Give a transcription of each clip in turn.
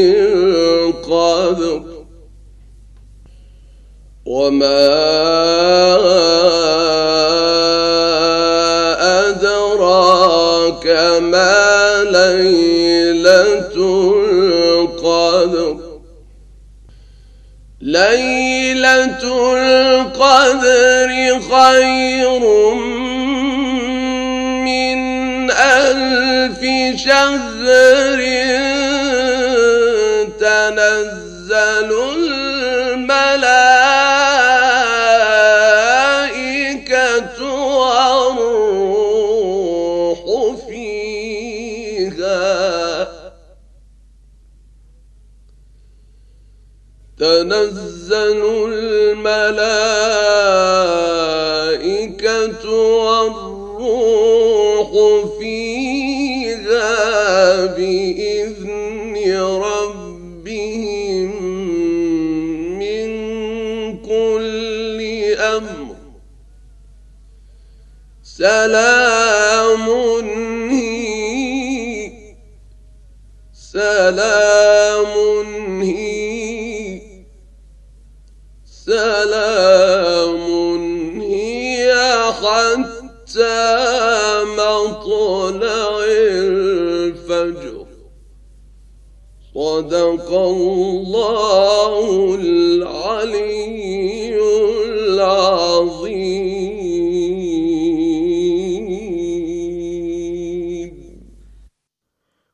من قبل وما أدراك ما ليلة القدر ليلة القدر خير من ألف شهر تنزل الملائكة والروح فيها تنزل الملائكة والروح فيها بإذن سلام هي سلام هي سلام هي حتى مطلع الفجر صدق الله العلي العظيم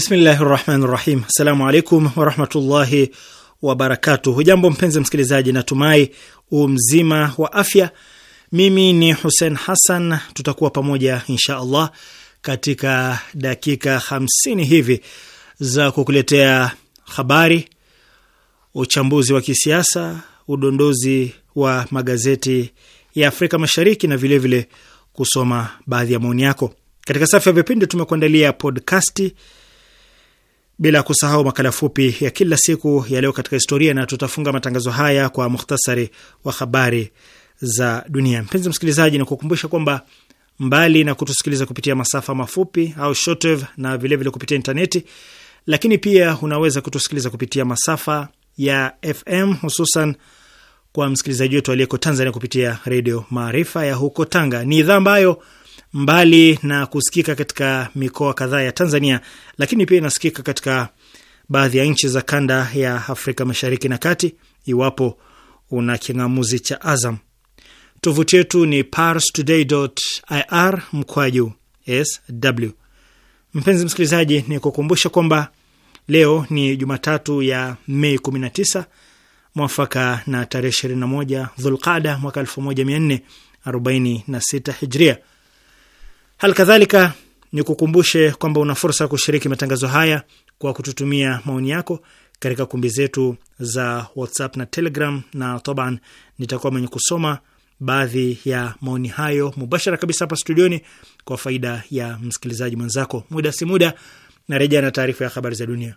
Bismillahi rahmani rahim. Assalamu alaikum warahmatullahi wabarakatuh. Hujambo mpenzi msikilizaji, natumai umzima wa afya. Mimi ni Hussein Hassan, tutakuwa pamoja insha Allah katika dakika hamsini hivi za kukuletea habari, uchambuzi wa kisiasa, udondozi wa magazeti ya Afrika Mashariki na vilevile vile kusoma baadhi ya maoni yako katika safu ya vipindi tumekuandalia podcasti bila kusahau makala fupi ya kila siku ya leo katika historia, na tutafunga matangazo haya kwa muhtasari wa habari za dunia. Mpenzi msikilizaji, na kukumbusha kwamba mbali na kutusikiliza kupitia masafa mafupi au shortwave na vilevile vile kupitia intaneti, lakini pia unaweza kutusikiliza kupitia masafa ya FM hususan kwa msikilizaji wetu aliyeko Tanzania kupitia Redio Maarifa ya huko Tanga. Ni idhaa ambayo mbali na kusikika katika mikoa kadhaa ya Tanzania, lakini pia inasikika katika baadhi ya nchi za kanda ya Afrika Mashariki na Kati, iwapo una king'amuzi cha Azam. Tovuti yetu ni parstoday.ir mkwaju sw. Mpenzi msikilizaji, ni kukumbusha kwamba leo ni Jumatatu ya Mei 19 mwafaka na tarehe 21 Dhulqada mwaka 1446 Hijria. Hali kadhalika ni kukumbushe kwamba una fursa ya kushiriki matangazo haya kwa kututumia maoni yako katika kumbi zetu za WhatsApp na Telegram, na taban nitakuwa mwenye kusoma baadhi ya maoni hayo mubashara kabisa hapa studioni kwa faida ya msikilizaji mwenzako. Muda si muda narejea na taarifa ya habari za dunia.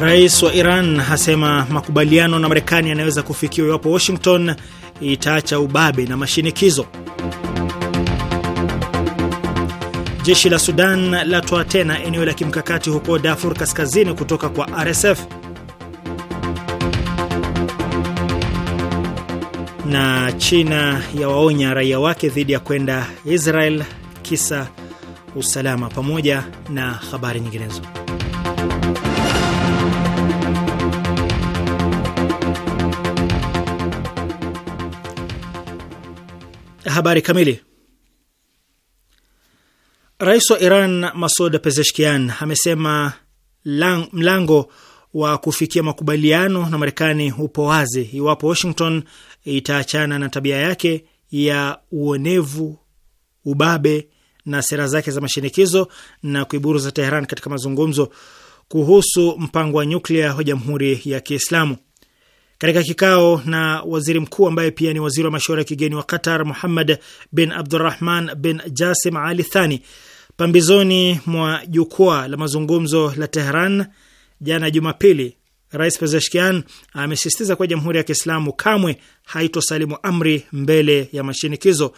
Rais wa Iran hasema makubaliano na Marekani yanaweza kufikiwa iwapo Washington itaacha ubabe na mashinikizo. Jeshi la Sudan latoa tena eneo la kimkakati huko Darfur Kaskazini kutoka kwa RSF. Na China yawaonya raia wake dhidi ya kwenda Israel kisa usalama, pamoja na habari nyinginezo. Habari kamili. Rais wa Iran Masoud Pezeshkian amesema lang, mlango wa kufikia makubaliano na Marekani upo wazi iwapo Washington itaachana na tabia yake ya uonevu, ubabe na sera zake za mashinikizo na kuiburu za Teheran katika mazungumzo kuhusu mpango wa nyuklia wa Jamhuri ya Kiislamu. Katika kikao na waziri mkuu ambaye pia ni waziri wa mashauri ya kigeni wa Qatar, Muhammad bin Abdurrahman bin Jasim Ali Thani, pambizoni mwa jukwaa la mazungumzo la Tehran jana Jumapili, Rais Pezeshkian amesisitiza kuwa Jamhuri ya Kiislamu kamwe haitosalimu amri mbele ya mashinikizo.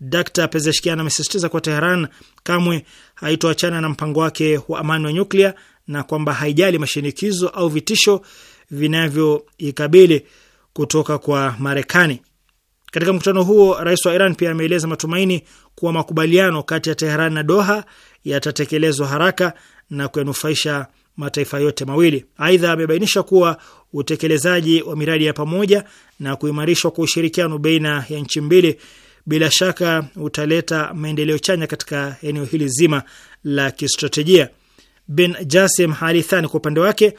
Dr Pezeshkian amesisitiza kuwa Tehran kamwe haitoachana na mpango wake wa amani wa nyuklia na kwamba haijali mashinikizo au vitisho vinavyoikabili kutoka kwa Marekani. Katika mkutano huo, rais wa Iran pia ameeleza matumaini kuwa makubaliano kati ya Teheran na Doha yatatekelezwa haraka na kuyanufaisha mataifa yote mawili. Aidha, amebainisha kuwa utekelezaji wa miradi ya pamoja na kuimarishwa kwa ushirikiano baina ya nchi mbili bila shaka utaleta maendeleo chanya katika eneo hili zima la kistratejia. Bin Jasim Halithani kwa upande wake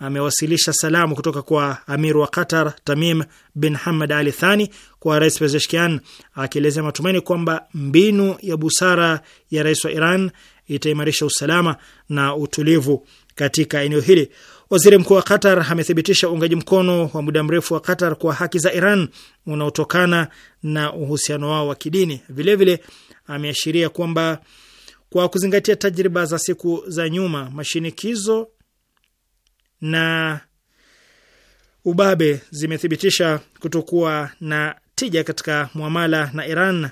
amewasilisha salamu kutoka kwa Amir wa Qatar Tamim bin Hamad Ali Thani kwa Rais Pezeshkian akielezea matumaini kwamba mbinu ya busara ya rais wa Iran itaimarisha usalama na utulivu katika eneo hili. Waziri mkuu wa Qatar amethibitisha uungaji mkono wa muda mrefu wa Qatar kwa haki za Iran unaotokana na uhusiano wao wa kidini. Vilevile ameashiria kwamba kwa kuzingatia tajriba za siku za nyuma, mashinikizo na ubabe zimethibitisha kutokuwa na tija katika mwamala na Iran,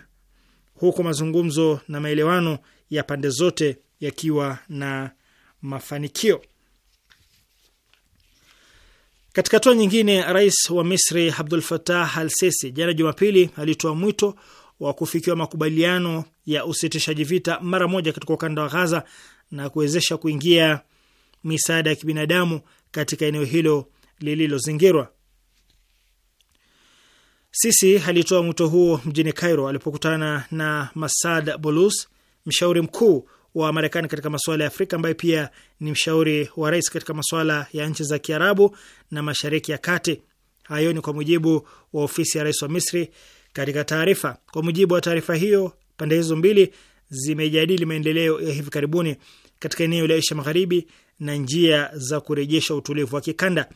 huku mazungumzo na maelewano ya pande zote yakiwa na mafanikio. Katika hatua nyingine, rais wa Misri Abdul Fatah Al Sisi jana Jumapili alitoa mwito wa kufikiwa makubaliano ya usitishaji vita mara moja katika ukanda wa Ghaza na kuwezesha kuingia misaada ya kibinadamu katika eneo hilo lililozingirwa. Sisi alitoa mwito huo mjini Cairo alipokutana na Masad Bolus, mshauri mkuu wa Marekani katika masuala ya Afrika, ambaye pia ni mshauri wa rais katika masuala ya nchi za Kiarabu na Mashariki ya Kati. Hayo ni kwa mujibu wa ofisi ya rais wa Misri katika taarifa. Kwa mujibu wa taarifa hiyo, pande hizo mbili zimejadili maendeleo ya hivi karibuni katika eneo la Asia Magharibi na njia za kurejesha utulivu wa kikanda.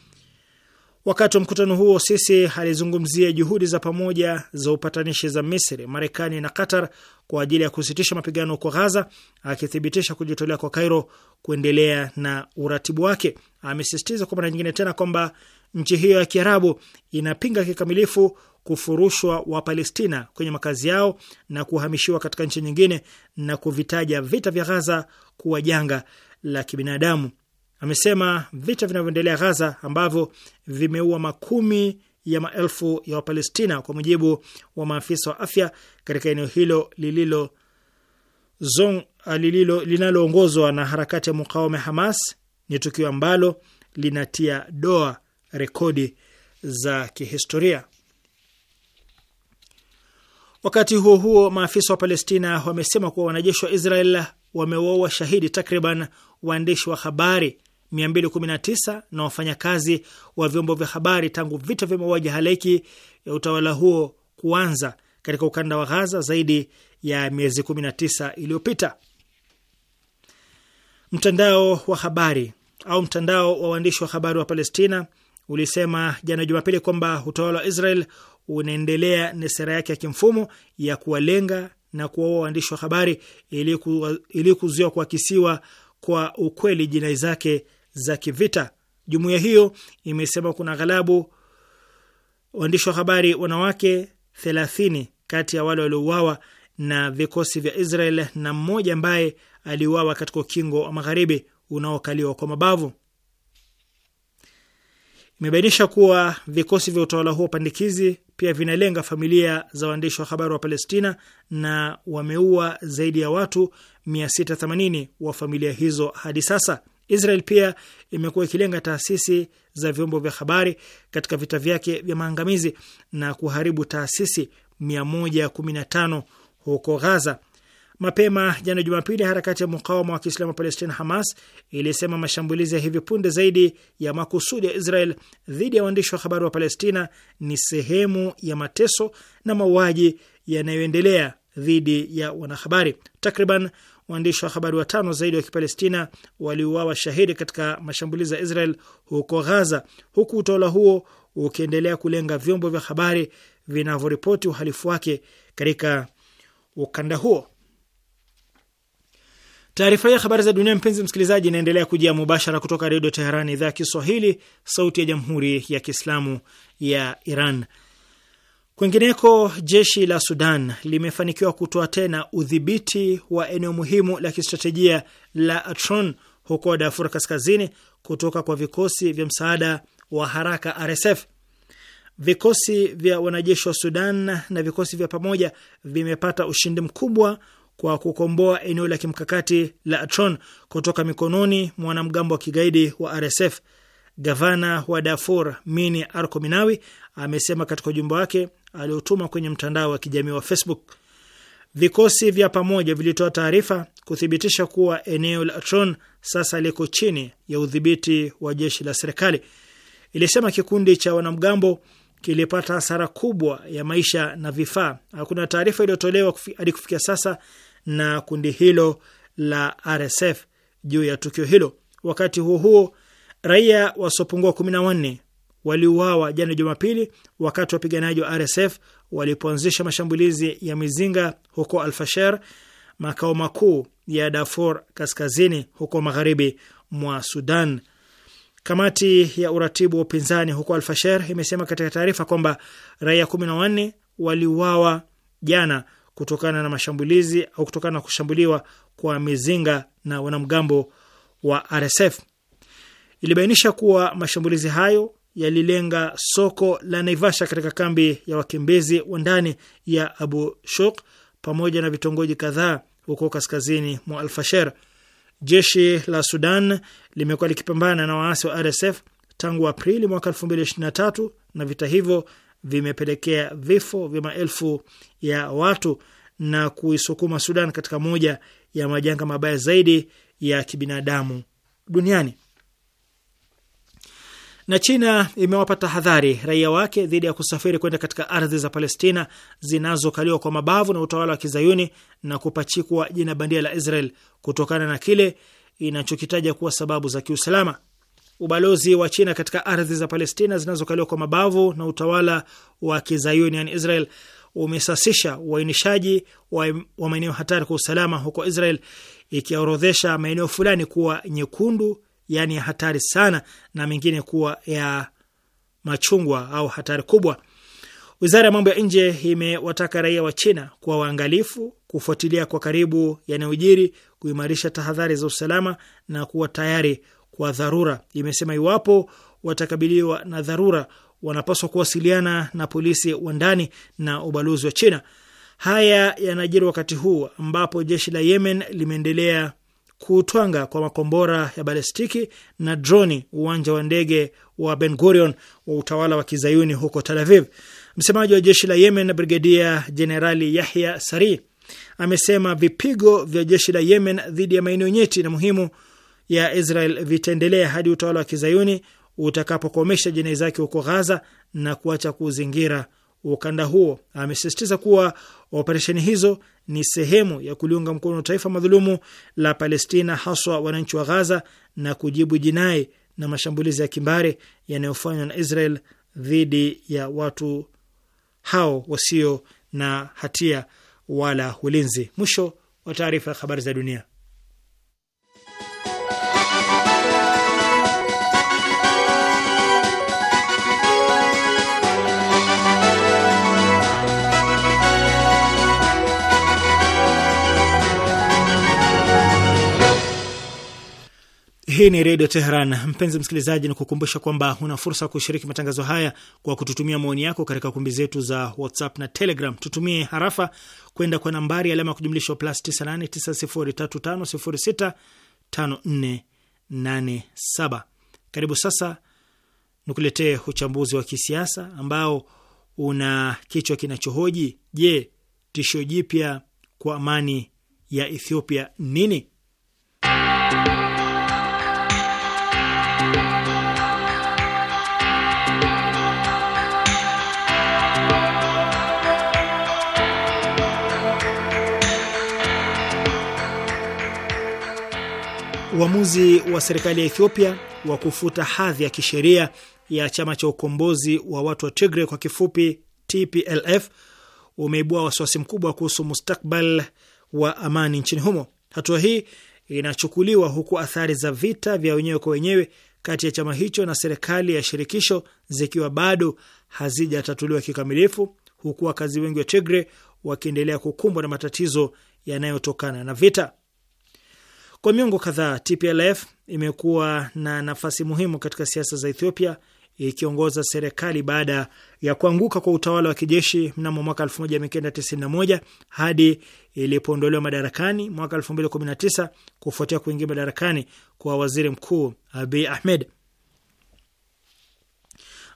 Wakati wa mkutano huo, Sisi alizungumzia juhudi za pamoja za upatanishi za Misri, Marekani na Qatar kwa ajili ya kusitisha mapigano huko Ghaza, akithibitisha kujitolea kwa Kairo kuendelea na uratibu wake. Amesisitiza kwa mara nyingine tena kwamba nchi hiyo ya Kiarabu inapinga kikamilifu kufurushwa wa Palestina kwenye makazi yao na kuhamishiwa katika nchi nyingine na kuvitaja vita vya Ghaza kuwa janga la kibinadamu. Amesema vita vinavyoendelea Ghaza ambavyo vimeua makumi ya maelfu ya Wapalestina, kwa mujibu wa maafisa wa afya katika eneo hilo lililo lililo linaloongozwa na harakati ya mukawama Hamas ni tukio ambalo linatia doa rekodi za kihistoria. Wakati huo huo, maafisa wa Palestina wamesema kuwa wanajeshi wa Israel wamewaua shahidi takriban waandishi wa habari 219 na wafanyakazi wa vyombo vya habari tangu vita vya mauaji halaiki ya utawala huo kuanza katika ukanda wa Ghaza zaidi ya miezi 19 iliyopita. Mtandao wa habari au mtandao wa waandishi wa habari wa Palestina ulisema jana Jumapili kwamba utawala wa Israel unaendelea na sera yake ya kimfumo ya kuwalenga na kuwaua waandishi wa habari ili kuzuia kuakisiwa kwa ukweli jinai zake za kivita. Jumuiya hiyo imesema kuna ghalabu waandishi wa habari wanawake thelathini kati ya wale waliouawa na vikosi vya Israel na mmoja ambaye aliuawa katika ukingo wa magharibi unaokaliwa kwa mabavu. Imebainisha kuwa vikosi vya utawala huo pandikizi pia vinalenga familia za waandishi wa habari wa Palestina na wameua zaidi ya watu 680 wa familia hizo hadi sasa. Israel pia imekuwa ikilenga taasisi za vyombo vya habari katika vita vyake vya maangamizi na kuharibu taasisi 115 huko Gaza. Mapema jana Jumapili, harakati ya mukawama wa Kiislamu wa Palestina, Hamas, ilisema mashambulizi ya hivi punde zaidi ya makusudi ya Israel dhidi ya waandishi wa habari wa Palestina ni sehemu ya mateso na mauaji yanayoendelea dhidi ya wanahabari. Takriban waandishi wa habari watano zaidi wa Kipalestina waliuawa shahidi katika mashambulizi ya Israel huko Ghaza, huku utawala huo ukiendelea kulenga vyombo vya habari vinavyoripoti uhalifu wake katika ukanda huo. Taarifa hii ya habari za dunia, mpenzi msikilizaji, inaendelea kujia mubashara kutoka Redio Teheran, idhaa ya Kiswahili, sauti ya jamhuri ya kiislamu ya Iran. Kwingineko, jeshi la Sudan limefanikiwa kutoa tena udhibiti wa eneo muhimu la kistratejia la Atron huko Darfur Kaskazini kutoka kwa vikosi vya msaada wa haraka RSF. Vikosi vya wanajeshi wa Sudan na vikosi vya pamoja vimepata ushindi mkubwa kwa kukomboa eneo la kimkakati la Atron kutoka mikononi mwa wanamgambo wa kigaidi wa RSF. Gavana wa Darfur Mini Arko Minawi amesema katika ujumbe wake aliotuma kwenye mtandao wa kijamii wa Facebook, vikosi vya pamoja vilitoa taarifa kuthibitisha kuwa eneo la Atron sasa liko chini ya udhibiti wa jeshi la serikali. Ilisema kikundi cha wanamgambo kilipata hasara kubwa ya maisha na vifaa. Hakuna taarifa iliyotolewa hadi kufikia sasa na kundi hilo la RSF juu ya tukio hilo. Wakati huo huo, raia wasiopungua kumi na wanne waliuawa jana Jumapili wakati wapiganaji wa RSF walipoanzisha mashambulizi ya mizinga huko Alfasher, makao makuu ya Darfur Kaskazini, huko magharibi mwa Sudan. Kamati ya uratibu wa upinzani huko Alfasher imesema katika taarifa kwamba raia kumi na wanne waliuawa jana kutokana na mashambulizi au kutokana na kushambuliwa kwa mizinga na wanamgambo wa RSF. Ilibainisha kuwa mashambulizi hayo yalilenga soko la Naivasha katika kambi ya wakimbizi wa ndani ya Abu Shuk pamoja na vitongoji kadhaa huko kaskazini mwa Alfasher. Jeshi la Sudan limekuwa likipambana na waasi wa RSF tangu Aprili mwaka 2023 na vita hivyo vimepelekea vifo vya maelfu ya watu na kuisukuma Sudan katika moja ya majanga mabaya zaidi ya kibinadamu duniani. Na China imewapa tahadhari raia wake dhidi ya kusafiri kwenda katika ardhi za Palestina zinazokaliwa kwa mabavu na utawala wa kizayuni na kupachikwa jina bandia la Israel kutokana na kile inachokitaja kuwa sababu za kiusalama ubalozi wa China katika ardhi za Palestina zinazokaliwa kwa mabavu na utawala wa kizayuni yani Israel umesasisha uainishaji wa, wa maeneo hatari kwa usalama huko Israel, ikiorodhesha maeneo fulani kuwa nyekundu, yani ya hatari sana, na mengine kuwa ya machungwa au hatari kubwa. Wizara ya mambo ya nje imewataka raia wa China kuwa waangalifu, kufuatilia kwa karibu yanayojiri, kuimarisha tahadhari za usalama na kuwa tayari kwa dharura. Imesema iwapo watakabiliwa na dharura, wanapaswa kuwasiliana na polisi wa ndani na ubalozi wa China. Haya yanajiri wakati huu ambapo jeshi la Yemen limeendelea kutwanga kwa makombora ya balestiki na droni uwanja wa ndege wa Ben Gurion wa utawala wa kizayuni huko Tel Aviv. Msemaji wa jeshi la Yemen, Brigedia Jenerali Yahya Sari, amesema vipigo vya jeshi la Yemen dhidi ya maeneo nyeti na muhimu ya Israel vitaendelea hadi utawala wa kizayuni utakapokomesha jinai zake huko Ghaza na kuacha kuzingira ukanda huo. Amesisitiza kuwa operesheni hizo ni sehemu ya kuliunga mkono taifa madhulumu la Palestina, haswa wananchi wa Ghaza, na kujibu jinai na mashambulizi ya kimbari yanayofanywa na Israel dhidi ya watu hao wasio na hatia wala ulinzi. Mwisho wa taarifa ya habari za dunia. Hii ni Redio Teheran. Mpenzi msikilizaji, ni kukumbusha kwamba una fursa ya kushiriki matangazo haya kwa kututumia maoni yako katika kumbi zetu za WhatsApp na Telegram. Tutumie harafa kwenda kwa nambari alama ya kujumlisha plus 989035065487. Karibu sasa nikuletee uchambuzi wa kisiasa ambao una kichwa kinachohoji: Je, tisho jipya kwa amani ya Ethiopia nini? Uamuzi wa serikali ya Ethiopia wa kufuta hadhi ya kisheria ya chama cha ukombozi wa watu wa tigre kwa kifupi TPLF umeibua wasiwasi mkubwa kuhusu mustakbal wa amani nchini humo. Hatua hii inachukuliwa huku athari za vita vya wenyewe kwa wenyewe kati ya chama hicho na serikali ya shirikisho zikiwa bado hazijatatuliwa kikamilifu, huku wakazi wengi wa tigre wakiendelea kukumbwa na matatizo yanayotokana na vita. Kwa miongo kadhaa TPLF imekuwa na nafasi muhimu katika siasa za Ethiopia ikiongoza serikali baada ya kuanguka kwa utawala wa kijeshi mnamo mwaka 1991 hadi ilipoondolewa madarakani mwaka 2019 kufuatia kuingia madarakani kwa waziri mkuu Abiy Ahmed.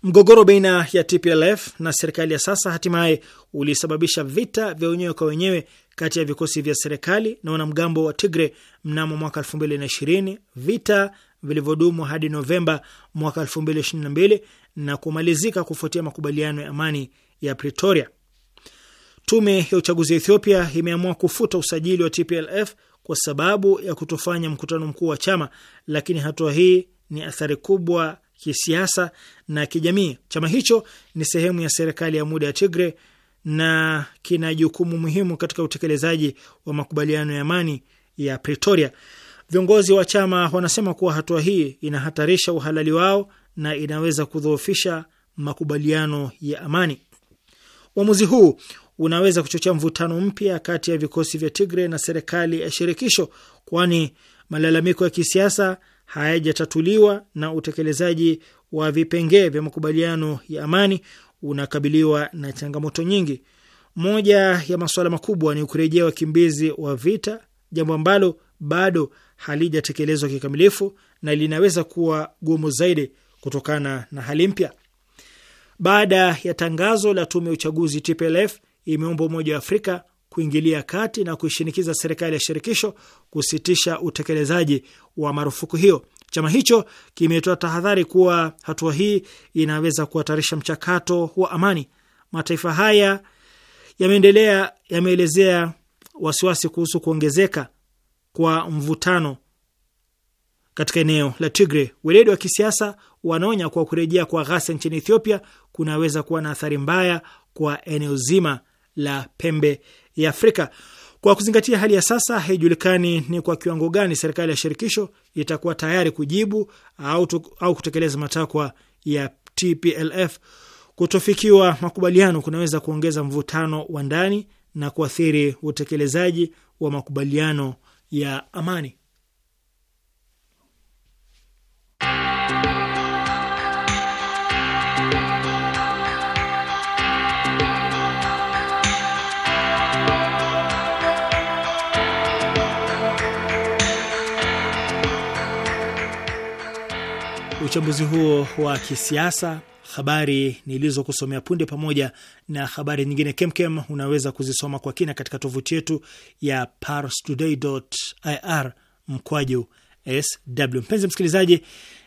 Mgogoro baina ya TPLF na serikali ya sasa hatimaye ulisababisha vita vya wenyewe kwa wenyewe kati ya vikosi vya serikali na wanamgambo wa Tigre mnamo mwaka 2020, vita vilivyodumu hadi Novemba mwaka 2022 na kumalizika kufuatia makubaliano ya amani ya Pretoria. Tume ya uchaguzi ya Ethiopia imeamua kufuta usajili wa TPLF kwa sababu ya kutofanya mkutano mkuu wa chama, lakini hatua hii ni athari kubwa kisiasa na kijamii. Chama hicho ni sehemu ya serikali ya muda ya Tigre na kina jukumu muhimu katika utekelezaji wa makubaliano ya amani ya Pretoria. Viongozi wa chama wanasema kuwa hatua hii inahatarisha uhalali wao na inaweza kudhoofisha makubaliano ya amani. Uamuzi huu unaweza kuchochea mvutano mpya kati ya vikosi vya Tigre na serikali ya shirikisho, kwani malalamiko ya kisiasa hayajatatuliwa na utekelezaji wa vipengee vya makubaliano ya amani unakabiliwa na changamoto nyingi. Moja ya masuala makubwa ni kurejea wakimbizi wa vita, jambo ambalo bado halijatekelezwa kikamilifu na linaweza kuwa gumu zaidi kutokana na hali mpya. Baada ya tangazo la tume ya uchaguzi, TPLF imeomba Umoja wa Afrika kuingilia kati na kuishinikiza serikali ya shirikisho kusitisha utekelezaji wa marufuku hiyo. Chama hicho kimetoa tahadhari kuwa hatua hii inaweza kuhatarisha mchakato wa amani. Mataifa haya yameendelea yameelezea wasiwasi kuhusu kuongezeka kwa mvutano katika eneo la Tigre. Weledi wa kisiasa wanaonya kwa kurejea kwa ghasia nchini Ethiopia kunaweza kuwa na athari mbaya kwa eneo zima la pembe ya Afrika. Kwa kuzingatia hali ya sasa, haijulikani ni kwa kiwango gani serikali ya shirikisho itakuwa tayari kujibu au, au kutekeleza matakwa ya TPLF. Kutofikiwa makubaliano kunaweza kuongeza mvutano wa ndani na kuathiri utekelezaji wa makubaliano ya amani. Uchambuzi huo wa kisiasa, habari nilizokusomea punde, pamoja na habari nyingine kemkem, unaweza kuzisoma kwa kina katika tovuti yetu ya parstoday.ir mkwaju sw. Mpenzi msikilizaji,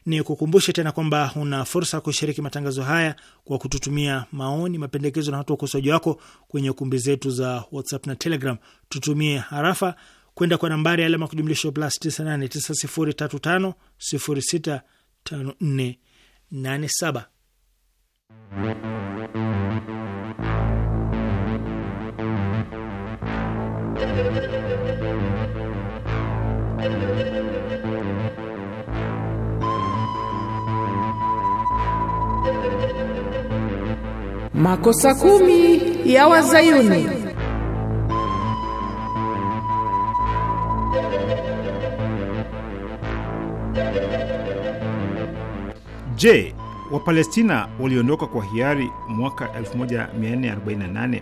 ni kukumbushe tena kwamba una fursa ya kushiriki matangazo haya kwa kututumia maoni, mapendekezo na hata ukosoaji wako kwenye kumbi zetu za WhatsApp na Telegram. Tutumie harafa kwenda kwa nambari ya alama kujumlisha plus 98903506 Makosa kumi ya Wazayuni. Je, Wapalestina waliondoka kwa hiari mwaka 1448?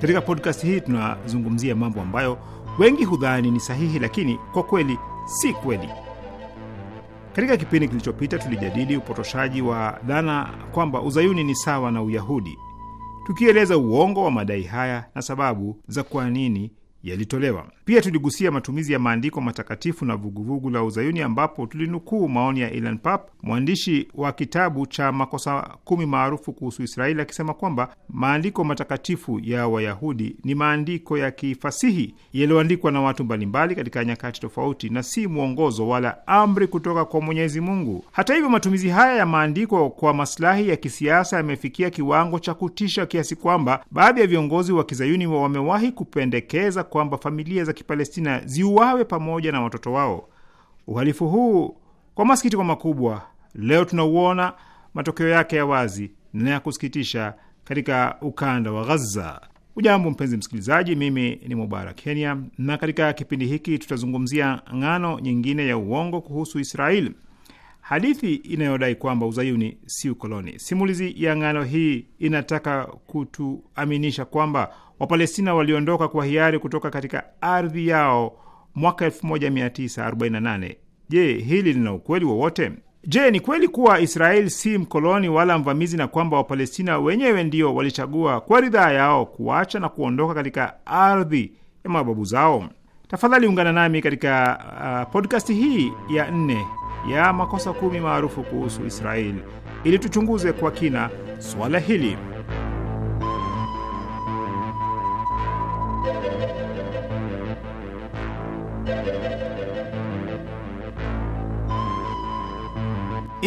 Katika podcast hii tunazungumzia mambo ambayo wengi hudhani ni sahihi, lakini kwa kweli si kweli. Katika kipindi kilichopita tulijadili upotoshaji wa dhana kwamba uzayuni ni sawa na Uyahudi, tukieleza uongo wa madai haya na sababu za kwa nini yalitolewa. Pia tuligusia matumizi ya maandiko matakatifu na vuguvugu la Uzayuni, ambapo tulinukuu maoni ya Ilan Pap, mwandishi wa kitabu cha makosa kumi maarufu kuhusu Israeli, akisema kwamba maandiko matakatifu ya Wayahudi ni maandiko ya kifasihi yaliyoandikwa na watu mbalimbali katika nyakati tofauti na si mwongozo wala amri kutoka kwa Mwenyezi Mungu. Hata hivyo, matumizi haya ya maandiko kwa masilahi ya kisiasa yamefikia kiwango cha kutisha kiasi kwamba baadhi ya viongozi wa kizayuni wamewahi kupendekeza kwamba familia za Kipalestina ziuawe pamoja na watoto wao. Uhalifu huu kwa masikitiko makubwa, leo tunauona matokeo yake ya wazi na ya kusikitisha katika ukanda wa Ghaza. Ujambo mpenzi msikilizaji, mimi ni Mubarak Kenya, na katika kipindi hiki tutazungumzia ngano nyingine ya uongo kuhusu israel hadithi inayodai kwamba uzayuni si ukoloni. Simulizi ya ngano hii inataka kutuaminisha kwamba Wapalestina waliondoka kwa hiari kutoka katika ardhi yao mwaka 1948. Je, hili lina ukweli wowote? Je, ni kweli kuwa Israeli si mkoloni wala mvamizi na kwamba Wapalestina wenyewe ndio walichagua kwa ridhaa yao kuacha na kuondoka katika ardhi ya mababu zao? Tafadhali ungana nami katika uh, podkasti hii ya nne ya makosa kumi maarufu kuhusu Israeli ili tuchunguze kwa kina swala hili.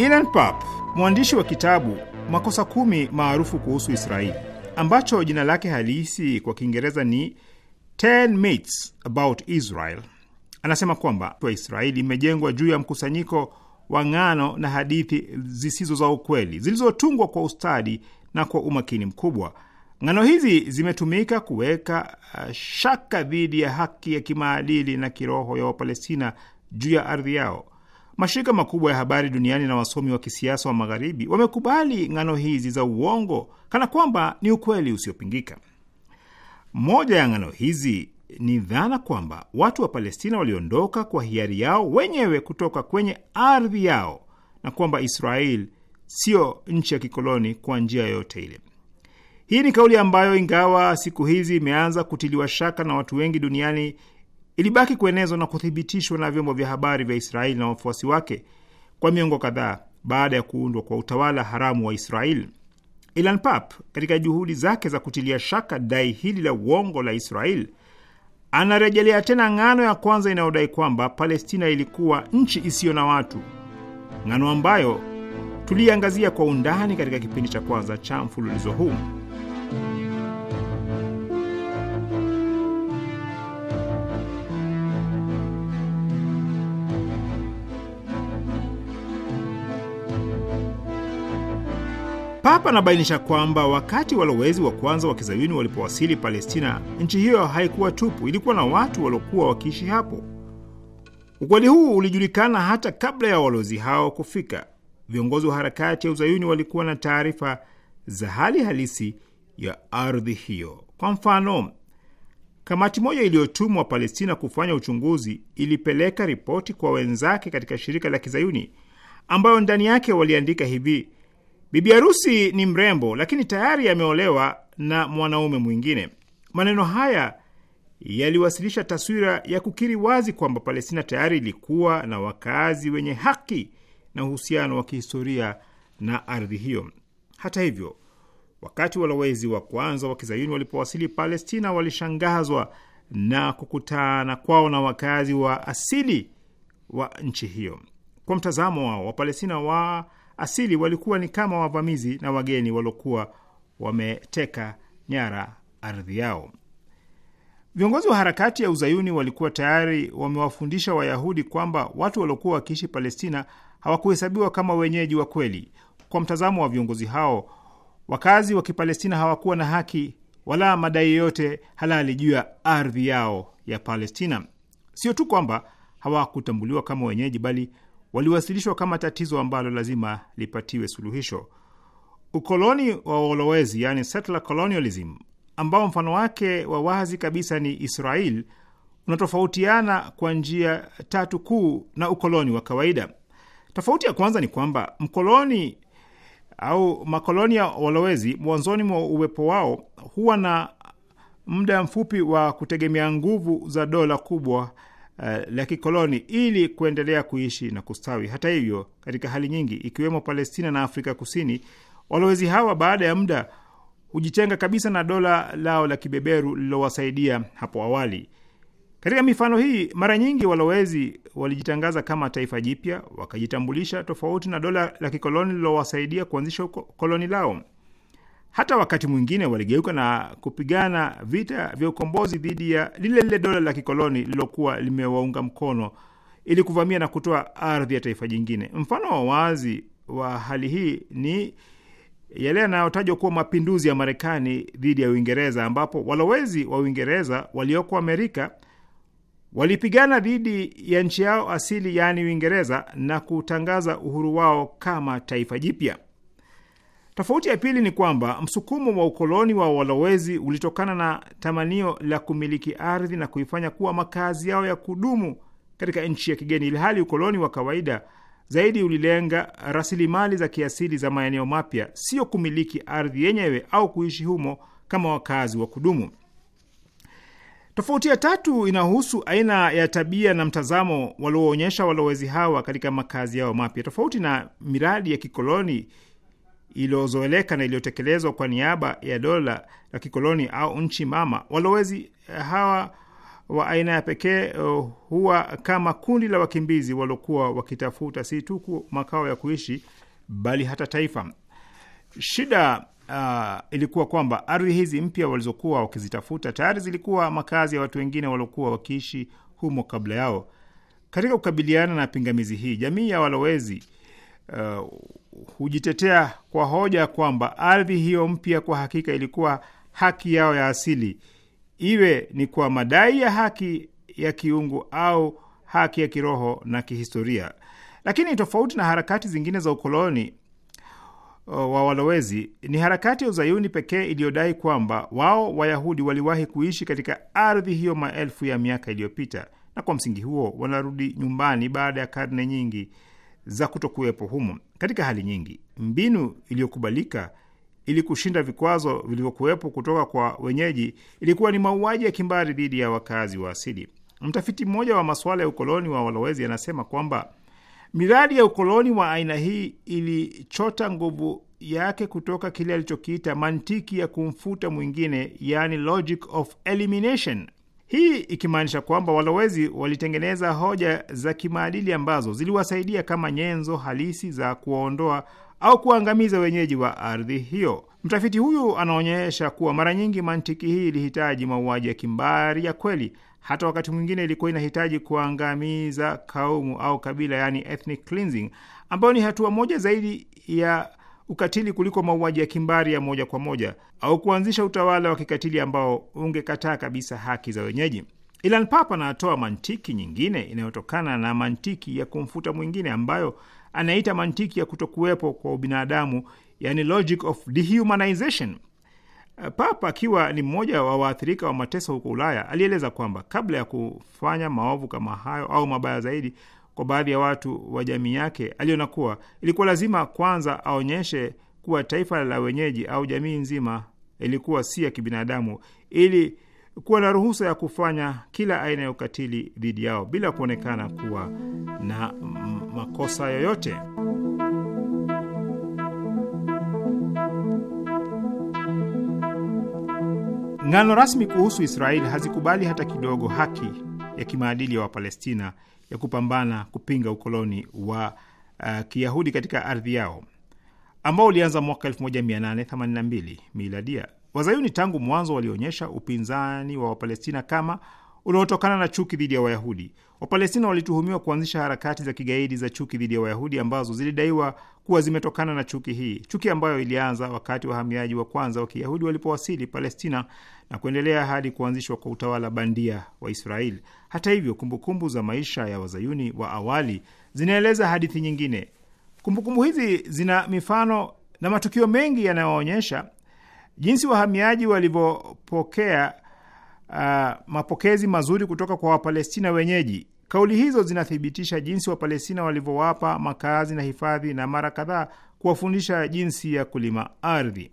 Ilan Pappe, mwandishi wa kitabu Makosa Kumi maarufu kuhusu Israeli, ambacho jina lake halisi kwa Kiingereza ni Ten Myths About Israel, anasema kwamba Israeli imejengwa juu ya mkusanyiko wa ngano na hadithi zisizo za ukweli zilizotungwa kwa ustadi na kwa umakini mkubwa. Ngano hizi zimetumika kuweka uh, shaka dhidi ya haki ya kimaadili na kiroho ya Wapalestina juu ya ardhi yao. Mashirika makubwa ya habari duniani na wasomi wa kisiasa wa Magharibi wamekubali ngano hizi za uongo kana kwamba ni ukweli usiopingika. Moja ya ngano hizi ni dhana kwamba watu wa Palestina waliondoka kwa hiari yao wenyewe kutoka kwenye ardhi yao na kwamba Israel siyo nchi ya kikoloni kwa njia yoyote ile. Hii ni kauli ambayo ingawa siku hizi imeanza kutiliwa shaka na watu wengi duniani, ilibaki kuenezwa na kuthibitishwa na vyombo vya habari vya Israeli na wafuasi wake kwa miongo kadhaa baada ya kuundwa kwa utawala haramu wa Israeli. Ilan Pap, katika juhudi zake za kutilia shaka dai hili la uongo la Israeli, anarejelea tena ng'ano ya kwanza inayodai kwamba Palestina ilikuwa nchi isiyo na watu, ng'ano ambayo tuliiangazia kwa undani katika kipindi cha kwanza cha mfululizo huu. Papa anabainisha kwamba wakati walowezi wa kwanza wa kizayuni walipowasili Palestina, nchi hiyo haikuwa tupu, ilikuwa na watu waliokuwa wakiishi hapo. Ukweli huu ulijulikana hata kabla ya walowezi hao kufika. Viongozi wa harakati ya uzayuni walikuwa na taarifa za hali halisi ya ardhi hiyo. Kwa mfano, kamati moja iliyotumwa Palestina kufanya uchunguzi ilipeleka ripoti kwa wenzake katika shirika la kizayuni ambayo ndani yake waliandika hivi Bibi harusi ni mrembo, lakini tayari ameolewa na mwanaume mwingine. Maneno haya yaliwasilisha taswira ya kukiri wazi kwamba Palestina tayari ilikuwa na wakazi wenye haki na uhusiano wa kihistoria na ardhi hiyo. Hata hivyo, wakati walowezi wa kwanza wa kizayuni walipowasili Palestina, walishangazwa na kukutana kwao na wakazi wa asili wa nchi hiyo. Kwa mtazamo wao, Wapalestina wa asili walikuwa ni kama wavamizi na wageni waliokuwa wameteka nyara ardhi yao. Viongozi wa harakati ya uzayuni walikuwa tayari wamewafundisha Wayahudi kwamba watu waliokuwa wakiishi Palestina hawakuhesabiwa kama wenyeji wa kweli. Kwa mtazamo wa viongozi hao, wakazi wa Kipalestina hawakuwa na haki wala madai yoyote halali juu ya ardhi yao ya Palestina. Sio tu kwamba hawakutambuliwa kama wenyeji, bali waliwasilishwa kama tatizo ambalo lazima lipatiwe suluhisho. Ukoloni wa walowezi, yani settler colonialism, ambao mfano wake wa wazi kabisa ni Israel, unatofautiana kwa njia tatu kuu na ukoloni wa kawaida. Tofauti ya kwanza ni kwamba mkoloni au makolonia walowezi mwanzoni mwa uwepo wao huwa na muda mfupi wa kutegemea nguvu za dola kubwa Eh, la kikoloni ili kuendelea kuishi na kustawi. Hata hivyo, katika hali nyingi, ikiwemo Palestina na Afrika Kusini, walowezi hawa baada ya muda hujitenga kabisa na dola lao la kibeberu lililowasaidia hapo awali. Katika mifano hii, mara nyingi walowezi walijitangaza kama taifa jipya, wakajitambulisha tofauti na dola la kikoloni lililowasaidia kuanzisha koloni lao. Hata wakati mwingine waligeuka na kupigana vita vya ukombozi dhidi ya lile lile dola la kikoloni lilokuwa limewaunga mkono ili kuvamia na kutoa ardhi ya taifa jingine. Mfano wa wazi wa hali hii ni yale yanayotajwa kuwa mapinduzi ya Marekani dhidi ya Uingereza, ambapo walowezi wa Uingereza walioko Amerika walipigana dhidi ya nchi yao asili, yaani Uingereza, na kutangaza uhuru wao kama taifa jipya. Tofauti ya pili ni kwamba msukumo wa ukoloni wa walowezi ulitokana na tamanio la kumiliki ardhi na kuifanya kuwa makazi yao ya kudumu katika nchi ya kigeni, ilhali ukoloni wa kawaida zaidi ulilenga rasilimali za kiasili za maeneo mapya, sio kumiliki ardhi yenyewe au kuishi humo kama wakazi wa kudumu. Tofauti ya tatu inahusu aina ya tabia na mtazamo walioonyesha walowezi hawa katika makazi yao mapya. Tofauti na miradi ya kikoloni iliyozoeleka na iliyotekelezwa kwa niaba ya dola la kikoloni au nchi mama. Walowezi eh, hawa wa aina ya pekee uh, huwa kama kundi la wakimbizi waliokuwa wakitafuta si tu makao ya kuishi bali hata taifa. Shida uh, ilikuwa kwamba ardhi hizi mpya walizokuwa wakizitafuta tayari zilikuwa makazi ya watu wengine waliokuwa wakiishi humo kabla yao. Katika kukabiliana na pingamizi hii, jamii ya walowezi uh, hujitetea kwa hoja kwamba ardhi hiyo mpya kwa hakika ilikuwa haki yao ya asili, iwe ni kwa madai ya haki ya kiungu au haki ya kiroho na kihistoria. Lakini tofauti na harakati zingine za ukoloni uh, wa walowezi, ni harakati ya uzayuni pekee iliyodai kwamba wao Wayahudi waliwahi kuishi katika ardhi hiyo maelfu ya miaka iliyopita, na kwa msingi huo wanarudi nyumbani baada ya karne nyingi za kutokuwepo humo. Katika hali nyingi, mbinu iliyokubalika ili kushinda vikwazo vilivyokuwepo kutoka kwa wenyeji ilikuwa ni mauaji ya kimbari dhidi ya wakazi wa asili. Mtafiti mmoja wa masuala ya ukoloni wa walowezi anasema kwamba miradi ya ukoloni wa aina hii ilichota nguvu yake kutoka kile alichokiita mantiki ya kumfuta mwingine, yani logic of elimination hii ikimaanisha kwamba walowezi walitengeneza hoja za kimaadili ambazo ziliwasaidia kama nyenzo halisi za kuwaondoa au kuwaangamiza wenyeji wa ardhi hiyo. Mtafiti huyu anaonyesha kuwa mara nyingi mantiki hii ilihitaji mauaji ya kimbari ya kweli. Hata wakati mwingine ilikuwa inahitaji kuangamiza kaumu au kabila, yani ethnic cleansing, ambayo ni hatua moja zaidi ya ukatili kuliko mauaji ya kimbari ya moja kwa moja au kuanzisha utawala wa kikatili ambao ungekataa kabisa haki za wenyeji. Ilan Pappe anatoa mantiki nyingine inayotokana na mantiki ya kumfuta mwingine ambayo anaita mantiki ya kutokuwepo kwa ubinadamu, yani logic of dehumanization. Papa akiwa ni mmoja wa waathirika wa mateso huko Ulaya alieleza kwamba kabla ya kufanya maovu kama hayo au mabaya zaidi, kwa baadhi ya watu wa jamii yake, aliona kuwa ilikuwa lazima kwanza aonyeshe kuwa taifa la wenyeji au jamii nzima ilikuwa si ya kibinadamu, ili kuwa na ruhusa ya kufanya kila aina ya ukatili dhidi yao bila kuonekana kuwa na makosa yoyote. Ngano rasmi kuhusu Israeli hazikubali hata kidogo haki ya kimaadili ya Wapalestina ya kupambana kupinga ukoloni wa uh, Kiyahudi katika ardhi yao ambao ulianza mwaka 1882 miladia. Wazayuni tangu mwanzo walionyesha upinzani wa Wapalestina kama unaotokana na chuki dhidi ya Wayahudi. Wapalestina walituhumiwa kuanzisha harakati za kigaidi za chuki dhidi ya Wayahudi ambazo zilidaiwa kuwa zimetokana na chuki hii, chuki ambayo ilianza wakati wahamiaji wa kwanza wa Kiyahudi walipowasili Palestina na kuendelea hadi kuanzishwa kwa utawala bandia wa Israeli. Hata hivyo, kumbukumbu za maisha ya wazayuni wa awali zinaeleza hadithi nyingine. Kumbukumbu hizi zina mifano na matukio mengi yanayoonyesha jinsi wahamiaji walivyopokea uh, mapokezi mazuri kutoka kwa Wapalestina wenyeji. Kauli hizo zinathibitisha jinsi Wapalestina walivyowapa makazi na hifadhi na mara kadhaa kuwafundisha jinsi ya kulima ardhi.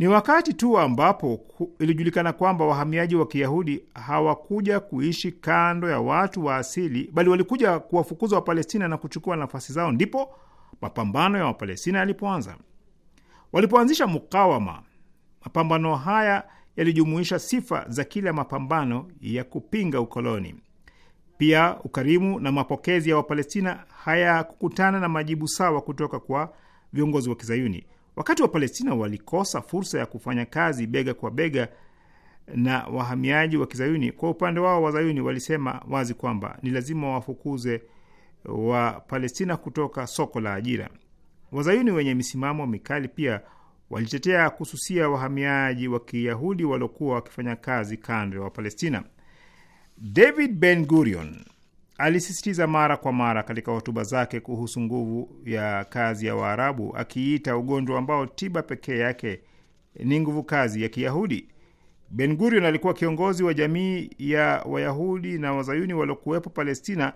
Ni wakati tu ambapo ilijulikana kwamba wahamiaji wa Kiyahudi hawakuja kuishi kando ya watu wa asili, bali walikuja kuwafukuza Wapalestina na kuchukua nafasi zao, ndipo mapambano ya Wapalestina yalipoanza. Walipoanzisha mukawama, mapambano haya yalijumuisha sifa za kila mapambano ya kupinga ukoloni. Pia ukarimu na mapokezi ya Wapalestina hayakukutana na majibu sawa kutoka kwa viongozi wa Kizayuni. Wakati wa Palestina walikosa fursa ya kufanya kazi bega kwa bega na wahamiaji wa Kizayuni. Kwa upande wao, Wazayuni walisema wazi kwamba ni lazima wafukuze wa Palestina kutoka soko la ajira. Wazayuni wenye misimamo mikali pia walitetea kususia wahamiaji wa Kiyahudi waliokuwa wakifanya kazi kando ya Wapalestina. David Ben Gurion Alisisitiza mara kwa mara katika hotuba zake kuhusu nguvu ya kazi ya Waarabu, akiita ugonjwa ambao tiba pekee yake ni nguvu kazi ya Kiyahudi. Ben Gurion alikuwa kiongozi wa jamii ya Wayahudi na Wazayuni waliokuwepo Palestina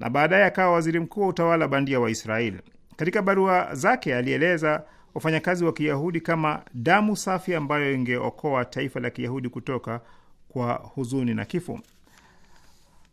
na baadaye akawa waziri mkuu wa utawala bandia wa Israeli. Katika barua zake alieleza wafanyakazi wa Kiyahudi kama damu safi ambayo ingeokoa taifa la Kiyahudi kutoka kwa huzuni na kifo.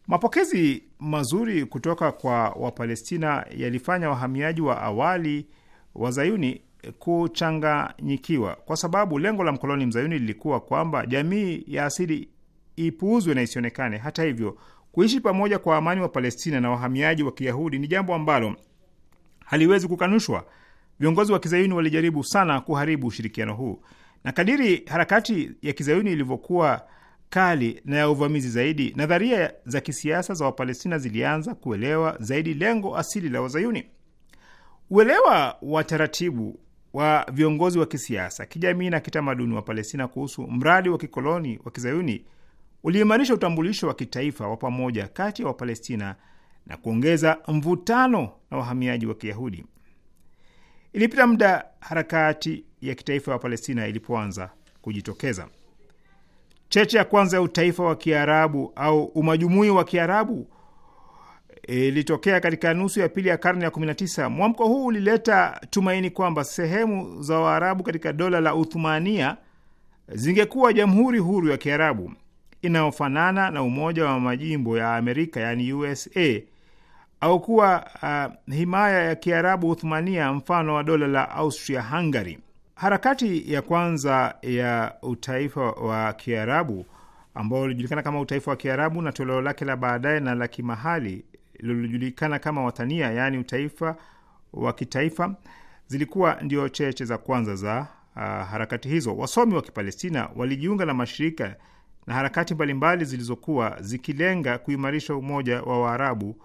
Mapokezi mazuri kutoka kwa Wapalestina yalifanya wahamiaji wa awali wa zayuni kuchanganyikiwa, kwa sababu lengo la mkoloni mzayuni lilikuwa kwamba jamii ya asili ipuuzwe na isionekane. Hata hivyo, kuishi pamoja kwa amani wa Palestina na wahamiaji wa Kiyahudi ni jambo ambalo haliwezi kukanushwa. Viongozi wa kizayuni walijaribu sana kuharibu ushirikiano huu, na kadiri harakati ya kizayuni ilivyokuwa kali na ya uvamizi zaidi, nadharia za kisiasa za Wapalestina zilianza kuelewa zaidi lengo asili la Wazayuni. Uelewa wa taratibu wa viongozi wa kisiasa, kijamii na kitamaduni wa Palestina kuhusu mradi wa kikoloni wa kizayuni uliimarisha utambulisho wa kitaifa wa pamoja kati ya Wapalestina na kuongeza mvutano na wahamiaji wa Kiyahudi. Ilipita muda harakati ya kitaifa ya Wapalestina ilipoanza kujitokeza cheche ya kwanza ya utaifa wa Kiarabu au umajumui wa Kiarabu e, ilitokea katika nusu ya pili ya karne ya 19. Mwamko huu ulileta tumaini kwamba sehemu za Waarabu katika dola la Uthumania zingekuwa jamhuri huru ya Kiarabu inayofanana na Umoja wa Majimbo ya Amerika, yani USA, au kuwa uh, himaya ya Kiarabu Uthumania, mfano wa dola la Austria Hungary. Harakati ya kwanza ya utaifa wa Kiarabu ambao ulijulikana kama utaifa wa Kiarabu na toleo lake la baadaye na la kimahali lililojulikana kama Watania, yaani utaifa wa kitaifa, zilikuwa ndio cheche za kwanza za uh, harakati hizo. Wasomi wa Kipalestina walijiunga na mashirika na harakati mbalimbali zilizokuwa zikilenga kuimarisha umoja wa Waarabu,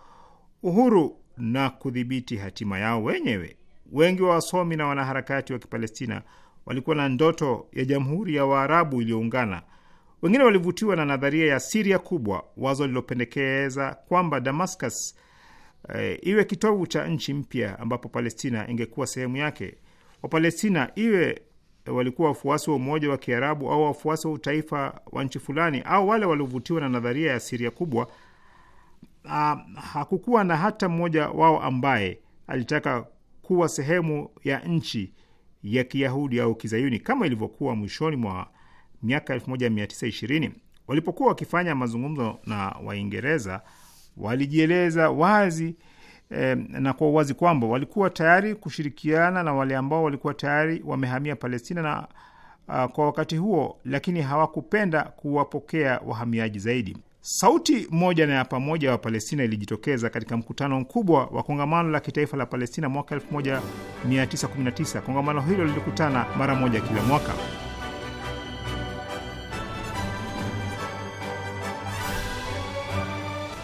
uhuru na kudhibiti hatima yao wenyewe. Wengi wa wasomi na wanaharakati wa Kipalestina walikuwa na ndoto ya jamhuri ya Waarabu iliyoungana. Wengine walivutiwa na nadharia ya Siria kubwa, wazo lilopendekeza kwamba Damascus eh, iwe kitovu cha nchi mpya ambapo Palestina ingekuwa sehemu yake. Wapalestina iwe walikuwa wafuasi wa umoja wa Kiarabu au wafuasi wa utaifa wa nchi fulani au wale waliovutiwa na nadharia ya Siria kubwa, ah, hakukuwa na hata mmoja wao ambaye alitaka kuwa sehemu ya nchi ya Kiyahudi au Kizayuni kama ilivyokuwa mwishoni mwa miaka 1920. Walipokuwa wakifanya mazungumzo na Waingereza walijieleza wazi eh, na kwa uwazi kwamba walikuwa tayari kushirikiana na wale ambao walikuwa tayari wamehamia Palestina na uh, kwa wakati huo, lakini hawakupenda kuwapokea wahamiaji zaidi. Sauti moja na ya pamoja wa Palestina ilijitokeza katika mkutano mkubwa wa kongamano la kitaifa la Palestina mwaka 1919. Kongamano hilo lilikutana mara moja kila mwaka.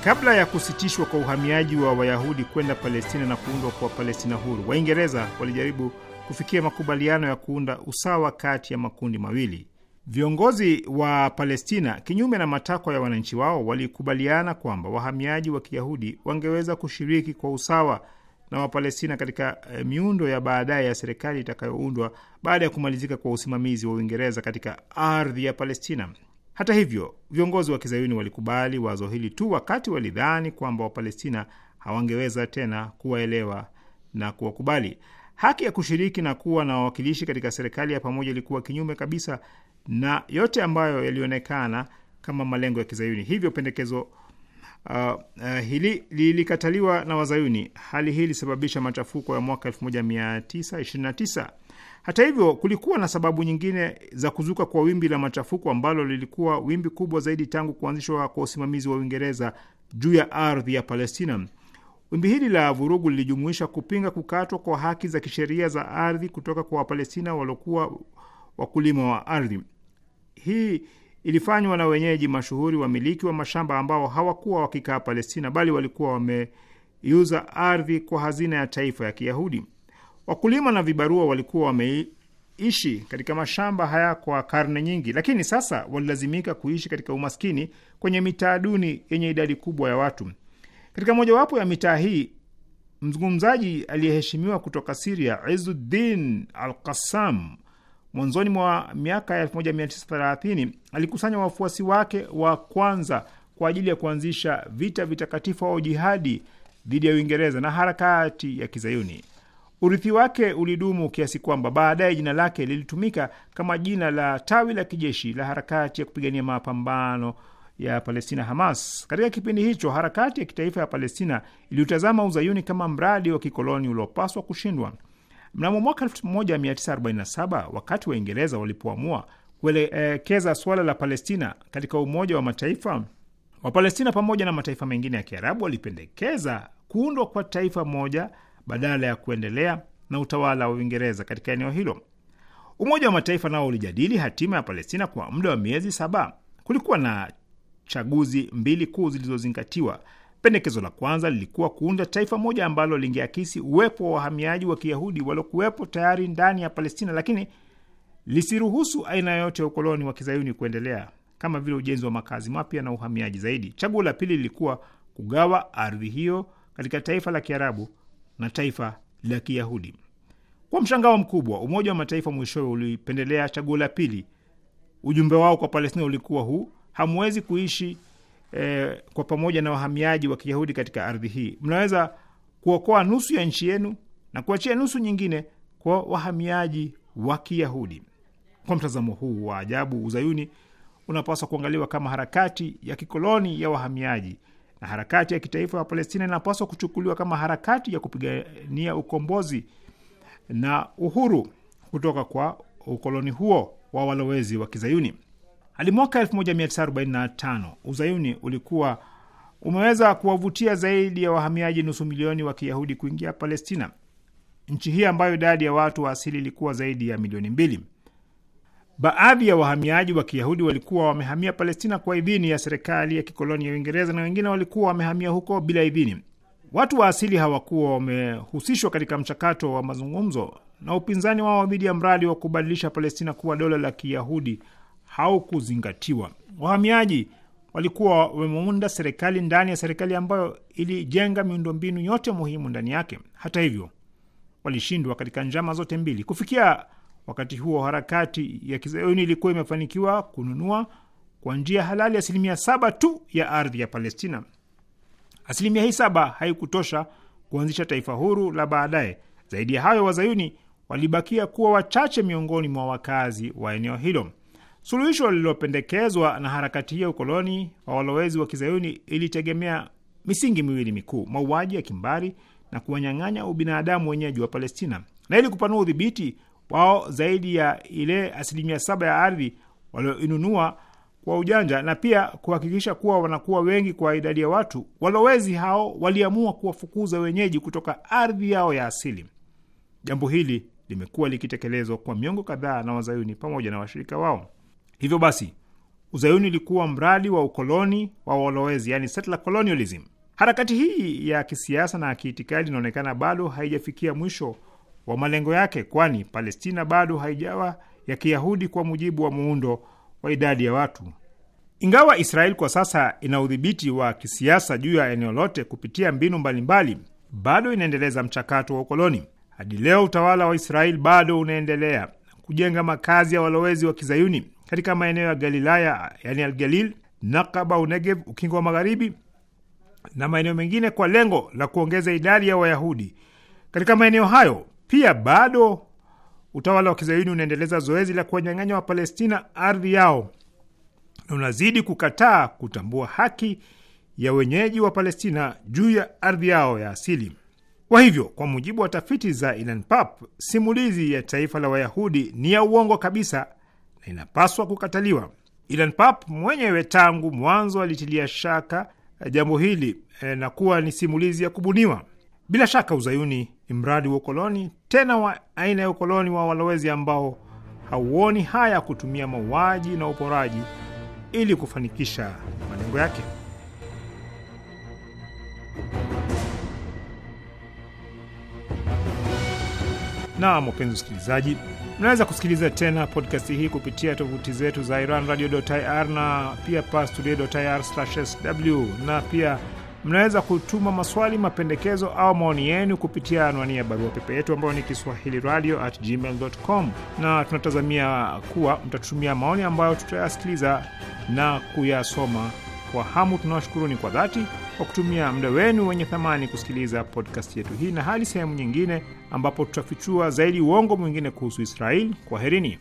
Kabla ya kusitishwa kwa uhamiaji wa Wayahudi kwenda Palestina na kuundwa kwa Palestina huru, Waingereza walijaribu kufikia makubaliano ya kuunda usawa kati ya makundi mawili. Viongozi wa Palestina, kinyume na matakwa ya wananchi wao, walikubaliana kwamba wahamiaji wa Kiyahudi wangeweza kushiriki kwa usawa na Wapalestina katika eh, miundo ya baadaye ya serikali itakayoundwa baada ya kumalizika kwa usimamizi wa Uingereza katika ardhi ya Palestina. Hata hivyo, viongozi wa Kizayuni walikubali wazo hili tu wakati walidhani kwamba Wapalestina hawangeweza tena kuwaelewa na kuwakubali. Haki ya kushiriki na kuwa na wawakilishi katika serikali ya pamoja ilikuwa kinyume kabisa na yote ambayo yalionekana kama malengo ya Kizayuni. Hivyo pendekezo uh, uh, hili lilikataliwa na Wazayuni. Hali hii ilisababisha machafuko ya mwaka 1929. Hata hivyo, kulikuwa na sababu nyingine za kuzuka kwa wimbi la machafuko ambalo lilikuwa wimbi kubwa zaidi tangu kuanzishwa kwa usimamizi wa Uingereza juu ya ardhi ya Palestina. Wimbi hili la vurugu lilijumuisha kupinga kukatwa kwa haki za kisheria za ardhi kutoka kwa Wapalestina waliokuwa wakulima wa ardhi. Hii ilifanywa na wenyeji mashuhuri, wamiliki wa mashamba ambao hawakuwa wakikaa Palestina, bali walikuwa wameiuza ardhi kwa hazina ya taifa ya Kiyahudi. Wakulima na vibarua walikuwa wameishi katika mashamba haya kwa karne nyingi, lakini sasa walilazimika kuishi katika umaskini kwenye mitaa duni yenye idadi kubwa ya watu. Katika mojawapo ya mitaa hii mzungumzaji aliyeheshimiwa kutoka Siria Izuddin Al Qassam Mwanzoni mwa miaka ya 1930 alikusanya wafuasi wake wa kwanza kwa ajili ya kuanzisha vita vitakatifu au jihadi dhidi ya Uingereza na harakati ya Kizayuni. Urithi wake ulidumu kiasi kwamba baadaye jina lake lilitumika kama jina la tawi la kijeshi la harakati ya kupigania mapambano ya Palestina, Hamas. Katika kipindi hicho, harakati ya kitaifa ya Palestina iliutazama uzayuni kama mradi wa kikoloni uliopaswa kushindwa. Mnamo mwaka 1947 wakati Waingereza walipoamua kuelekeza suala la Palestina katika Umoja wa Mataifa, Wapalestina pamoja na mataifa mengine ya Kiarabu walipendekeza kuundwa kwa taifa moja badala ya kuendelea na utawala wa Uingereza katika eneo hilo. Umoja wa Mataifa nao ulijadili hatima ya Palestina kwa muda wa miezi saba. Kulikuwa na chaguzi mbili kuu zilizozingatiwa: Pendekezo la kwanza lilikuwa kuunda taifa moja ambalo lingeakisi uwepo wa wahamiaji wa Kiyahudi waliokuwepo tayari ndani ya Palestina, lakini lisiruhusu aina yoyote ya ukoloni wa kizayuni kuendelea, kama vile ujenzi wa makazi mapya na uhamiaji zaidi. Chaguo la pili lilikuwa kugawa ardhi hiyo katika taifa la Kiarabu na taifa la Kiyahudi. Kwa mshangao mkubwa, Umoja wa Mataifa mwishowe ulipendelea chaguo la pili. Ujumbe wao kwa Palestina ulikuwa huu: hamwezi kuishi eh, kwa pamoja na wahamiaji wa Kiyahudi katika ardhi hii. Mnaweza kuokoa nusu ya nchi yenu na kuachia nusu nyingine kwa wahamiaji wa Kiyahudi. Kwa mtazamo huu wa ajabu, uzayuni unapaswa kuangaliwa kama harakati ya kikoloni ya wahamiaji na harakati ya kitaifa ya Palestina inapaswa kuchukuliwa kama harakati ya kupigania ukombozi na uhuru kutoka kwa ukoloni huo wa walowezi wa Kizayuni. Hadi mwaka 1945 uzayuni ulikuwa umeweza kuwavutia zaidi ya wahamiaji nusu milioni wa kiyahudi kuingia Palestina, nchi hii ambayo idadi ya watu wa asili ilikuwa zaidi ya milioni mbili. Baadhi ya wahamiaji wa kiyahudi walikuwa wamehamia Palestina kwa idhini ya serikali ya kikoloni ya Uingereza na wengine walikuwa wamehamia huko bila idhini. Watu wa asili hawakuwa wamehusishwa katika mchakato wa mazungumzo na upinzani wao dhidi ya mradi wa kubadilisha Palestina kuwa dola la kiyahudi haukuzingatiwa. Wahamiaji walikuwa wameunda serikali ndani ya serikali ambayo ilijenga miundombinu yote muhimu ndani yake. Hata hivyo, walishindwa katika njama zote mbili. Kufikia wakati huo, harakati ya kizayuni ilikuwa imefanikiwa kununua kwa njia halali asilimia saba tu ya ardhi ya Palestina. Asilimia hii saba haikutosha kuanzisha taifa huru la baadaye. Zaidi ya hayo, wazayuni walibakia kuwa wachache miongoni mwa wakazi wa eneo hilo. Suluhisho lililopendekezwa na harakati hiyo ukoloni wa walowezi wa kizayuni ilitegemea misingi miwili mikuu: mauaji ya kimbari na kuwanyang'anya ubinadamu wenyeji wa Palestina, na ili kupanua udhibiti wao zaidi ya ile asilimia saba ya ardhi walioinunua kwa ujanja na pia kuhakikisha kuwa wanakuwa wengi kwa idadi ya watu, walowezi hao waliamua kuwafukuza wenyeji kutoka ardhi yao ya asili. Jambo hili limekuwa likitekelezwa kwa miongo kadhaa na wazayuni pamoja na washirika wao. Hivyo basi uzayuni ulikuwa mradi wa ukoloni wa walowezi, yani settler colonialism. Harakati hii ya kisiasa na kiitikadi inaonekana bado haijafikia mwisho wa malengo yake, kwani Palestina bado haijawa ya Kiyahudi kwa mujibu wa muundo wa idadi ya watu. Ingawa israel kwa sasa ina udhibiti wa kisiasa juu ya eneo lote kupitia mbinu mbalimbali, bado inaendeleza mchakato wa ukoloni. Hadi leo utawala wa Israeli bado unaendelea kujenga makazi ya walowezi wa Kizayuni katika maeneo ya Galilaya, yani Algalil, Nakaba, Unegev, ukingo wa magharibi na maeneo mengine kwa lengo la kuongeza idadi ya Wayahudi katika maeneo hayo. Pia bado utawala wa kizayuni unaendeleza zoezi la kuwanyang'anya Wapalestina ardhi yao na unazidi kukataa kutambua haki ya wenyeji wa Palestina juu ya ardhi yao ya asili. Kwa hivyo, kwa mujibu wa tafiti za Ilan simulizi ya taifa la Wayahudi ni ya uongo kabisa na inapaswa kukataliwa. Ilan Pap mwenyewe tangu mwanzo alitilia shaka eh, jambo hili e, na kuwa ni simulizi ya kubuniwa. Bila shaka uzayuni ni mradi wa ukoloni, tena wa aina ya ukoloni wa walowezi ambao hauoni haya kutumia mauaji na uporaji ili kufanikisha malengo yake. Na wapenzi usikilizaji, Mnaweza kusikiliza tena podcast hii kupitia tovuti zetu za Iran ir na pia pastoday sw, na pia mnaweza kutuma maswali, mapendekezo au maoni yenu kupitia anwani ya barua pepe yetu ambayo ni kiswahili radio at gmail com, na tunatazamia kuwa mtatumia maoni ambayo tutayasikiliza na kuyasoma kwa hamu. Tunawashukuruni kwa dhati kwa kutumia muda wenu wenye thamani kusikiliza podcast yetu hii, na hadi sehemu nyingine ambapo tutafichua zaidi uongo mwingine kuhusu Israel. Kwaherini.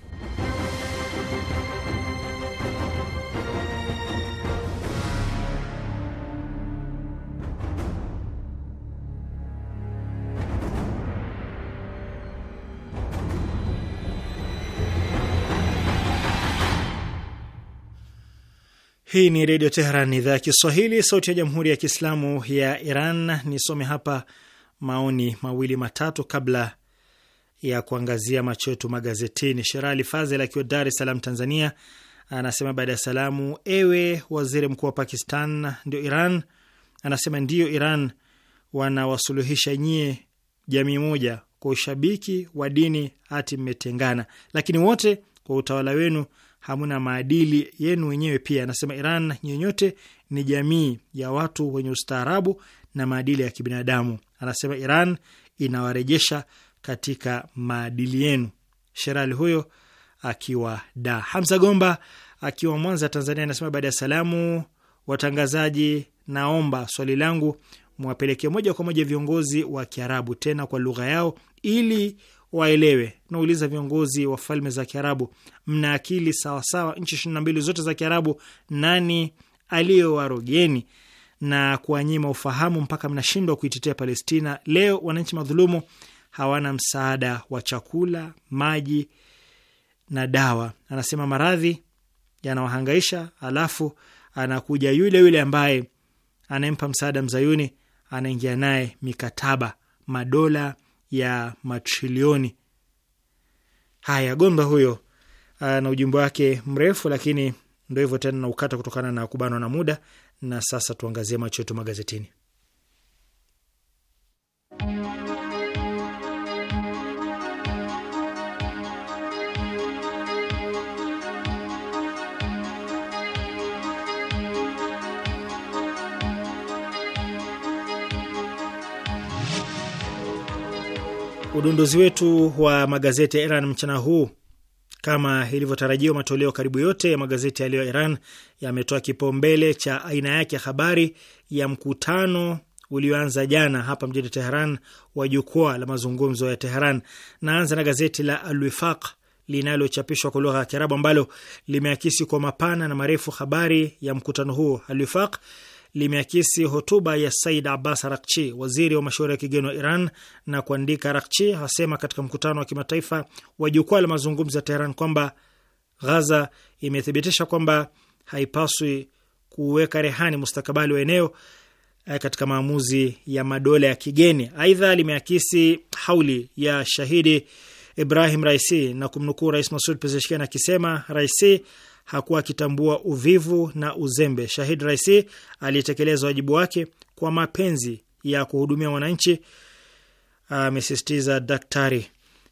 Hii ni Redio Teheran, idhaa ya Kiswahili, sauti ya Jamhuri ya Kiislamu ya Iran. Nisome hapa maoni mawili matatu kabla ya kuangazia macho yetu magazetini. Sherali Fazel akiwa Dar es Salaam, Tanzania, anasema baada ya salamu, ewe waziri mkuu wa Pakistan, ndio Iran anasema ndio Iran wanawasuluhisha nyie jamii moja kwa ushabiki wa dini, hati mmetengana, lakini wote kwa utawala wenu hamuna maadili yenu wenyewe. Pia anasema Iran nyenyote ni jamii ya watu wenye ustaarabu na maadili ya kibinadamu. Anasema Iran inawarejesha katika maadili yenu. Sherali huyo akiwa da. Hamza Gomba akiwa Mwanza, Tanzania, anasema baada ya salamu, watangazaji, naomba swali langu mwapelekee moja kwa moja viongozi wa Kiarabu, tena kwa lugha yao ili waelewe. Nauliza viongozi wa falme za Kiarabu, mna akili sawasawa? Nchi ishirini na mbili zote za Kiarabu, nani aliyowarogeni? na kuwanyima ufahamu mpaka mnashindwa kuitetea Palestina. Leo wananchi madhulumu hawana msaada wa chakula, maji na dawa. Anasema maradhi yanawahangaisha, alafu anakuja yule yule ambaye anayempa msaada mzayuni, anaingia naye mikataba madola ya matrilioni. Haya, gomba huyo uh, na ujumbe wake mrefu, lakini ndo hivyo tena, na ukata kutokana na kubanwa na muda. Na sasa tuangazie macho yetu magazetini. Udunduzi wetu wa magazeti ya Iran mchana huu kama ilivyotarajiwa, matoleo karibu yote ya magazeti yaliyo Iran yametoa kipaumbele cha aina yake habari ya mkutano ulioanza jana hapa mjini Teheran wa jukwaa la mazungumzo ya Teheran. Naanza na gazeti la Alwifaq linalochapishwa kwa lugha ya Kiarabu ambalo limeakisi kwa mapana na marefu habari ya mkutano huo. Alwifaq limeakisi hotuba ya Said Abbas rakchi waziri wa mashauri ya kigeni wa Iran, na kuandika, rakchi asema katika mkutano wa kimataifa wa jukwaa la mazungumzo ya Teheran kwamba Ghaza imethibitisha kwamba haipaswi kuweka rehani mustakabali wa eneo eh, katika maamuzi ya madola ya kigeni. Aidha, limeakisi hauli ya shahidi Ibrahim Raisi na kumnukuu Rais Masud Pezeshkian akisema Raisi hakuwa akitambua uvivu na uzembe. Shahid Raisi aliyetekeleza wajibu wake kwa mapenzi ya kuhudumia wananchi, amesisitiza Daktari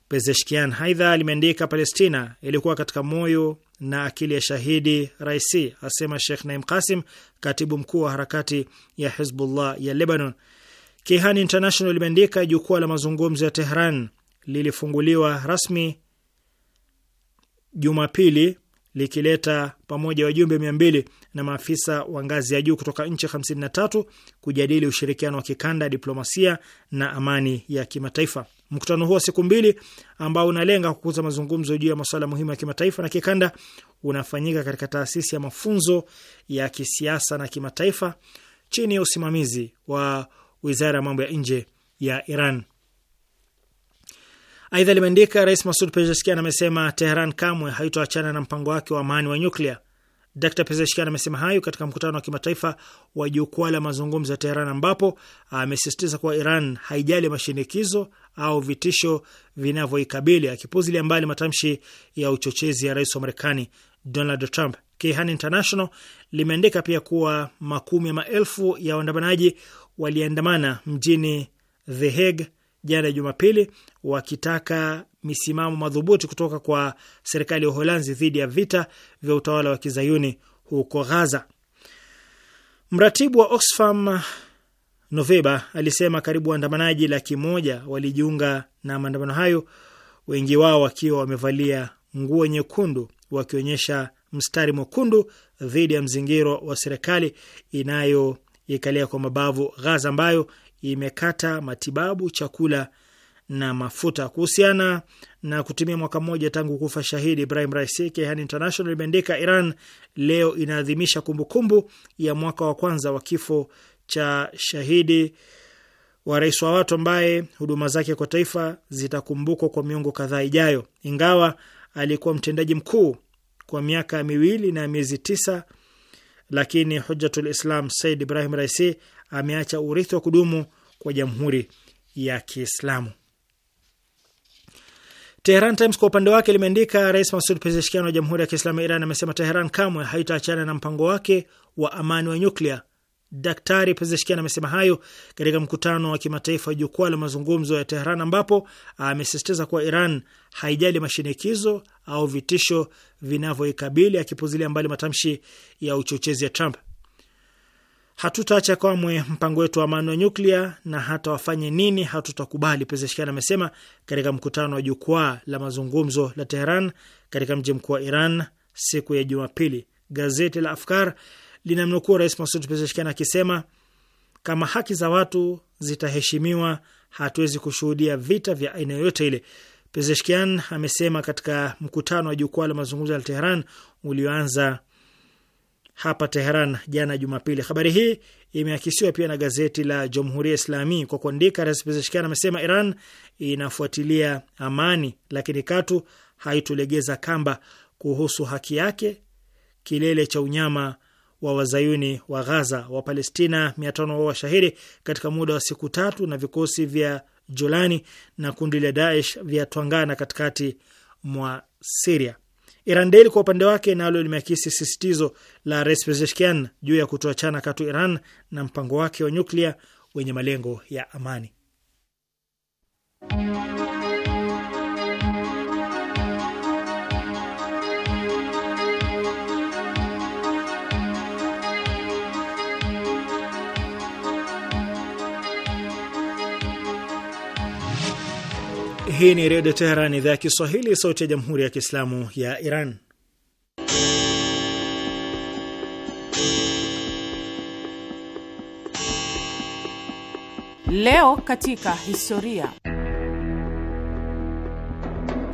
Pezeshkian. Aidha limeandika Palestina ilikuwa katika moyo na akili ya shahidi Raisi, asema Shekh Naim Kasim, katibu mkuu wa harakati ya Hizbullah ya Lebanon. Kihan International limeandika jukwaa la mazungumzo ya Tehran lilifunguliwa rasmi Jumapili likileta pamoja wajumbe mia mbili na maafisa wa ngazi ya juu kutoka nchi tatu kujadili ushirikiano wa kikanda, diplomasia na amani ya kimataifa. Mkutano huo wa siku mbili ambao unalenga kukuza mazungumzo juu ya masuala muhimu ya kimataifa na kikanda unafanyika katika taasisi ya mafunzo ya kisiasa na kimataifa chini ya usimamizi wa wizara ya mambo ya nje ya Iran. Aidha limeandika Rais Masud Pezeshkian amesema Teheran kamwe haitoachana na mpango wake wa amani wa nyuklia. Dr Pezeshkian amesema hayo katika mkutano wa kimataifa wa jukwaa la mazungumzo ya Teheran, ambapo amesisitiza kuwa Iran haijali mashinikizo au vitisho vinavyoikabili, akipuzilia mbali matamshi ya uchochezi ya rais wa Marekani Donald Trump. Kayhan International limeandika pia kuwa makumi ya maelfu ya waandamanaji waliandamana mjini The Hague jana Jumapili wakitaka misimamo madhubuti kutoka kwa serikali ya Uholanzi dhidi ya vita vya utawala wa kizayuni huko Ghaza. Mratibu wa Oxfam Novemba alisema karibu waandamanaji laki moja walijiunga na maandamano hayo, wengi wao wakiwa wamevalia nguo nyekundu, wakionyesha mstari mwekundu dhidi ya mzingiro wa serikali inayoikalia kwa mabavu Ghaza ambayo imekata matibabu, chakula na mafuta. Kuhusiana na kutumia mwaka mmoja tangu kufa shahidi Ibrahim Raisi, Kayhan International imeandika Iran leo inaadhimisha kumbukumbu ya mwaka wa kwanza wa kifo cha shahidi wa rais wa watu ambaye huduma zake kwa taifa zitakumbukwa kwa miongo kadhaa ijayo. Ingawa alikuwa mtendaji mkuu kwa miaka miwili na miezi tisa, lakini Hujjatul Islam Said Ibrahim Raisi ameacha urithi wa kudumu kwa Jamhuri ya Kiislamu. Tehran Times kwa upande wake limeandika, Rais Masud Pezeshkian wa Jamhuri ya Kiislamu ya Iran amesema Teheran kamwe haitaachana na mpango wake wa amani wa nyuklia. Daktari Pezeshkian amesema hayo katika mkutano wa kimataifa jukwaa la mazungumzo ya Tehran, ambapo amesisitiza kuwa Iran haijali mashinikizo au vitisho vinavyoikabili, akipuzilia mbali matamshi ya uchochezi ya Trump. Hatutaacha kamwe mpango wetu wa amani wa nyuklia na hata wafanye nini hatutakubali, Pezeshkian amesema katika mkutano wa jukwaa la mazungumzo la Teheran katika mji mkuu wa Iran siku ya Jumapili. Gazeti la Afkar linamnukuu Rais Masud Pezeshkian akisema kama haki za watu zitaheshimiwa, hatuwezi kushuhudia vita vya aina yoyote ile. Pezeshkian amesema katika mkutano wa jukwaa la mazungumzo la Teheran ulioanza hapa Teheran jana Jumapili. Habari hii imeakisiwa pia na gazeti la jamhuri ya Islami kwa kuandika, Rais Pezeshkian amesema Iran inafuatilia amani, lakini katu haitulegeza kamba kuhusu haki yake, kilele cha unyama wa wazayuni wa Ghaza. palestina mia tano wa washahidi katika muda wa siku tatu, na vikosi vya jolani na kundi la Daesh vya twangana katikati mwa Siria. Irandeli kwa upande wake nalo limeakisi sisitizo la Rais Pezeshkian juu ya kutoachana katu Iran na mpango wake wa nyuklia wenye malengo ya amani. Hii ni Redio Teheran, idhaa ya Kiswahili, sauti ya Jamhuri ya Kiislamu ya Iran. Leo katika historia.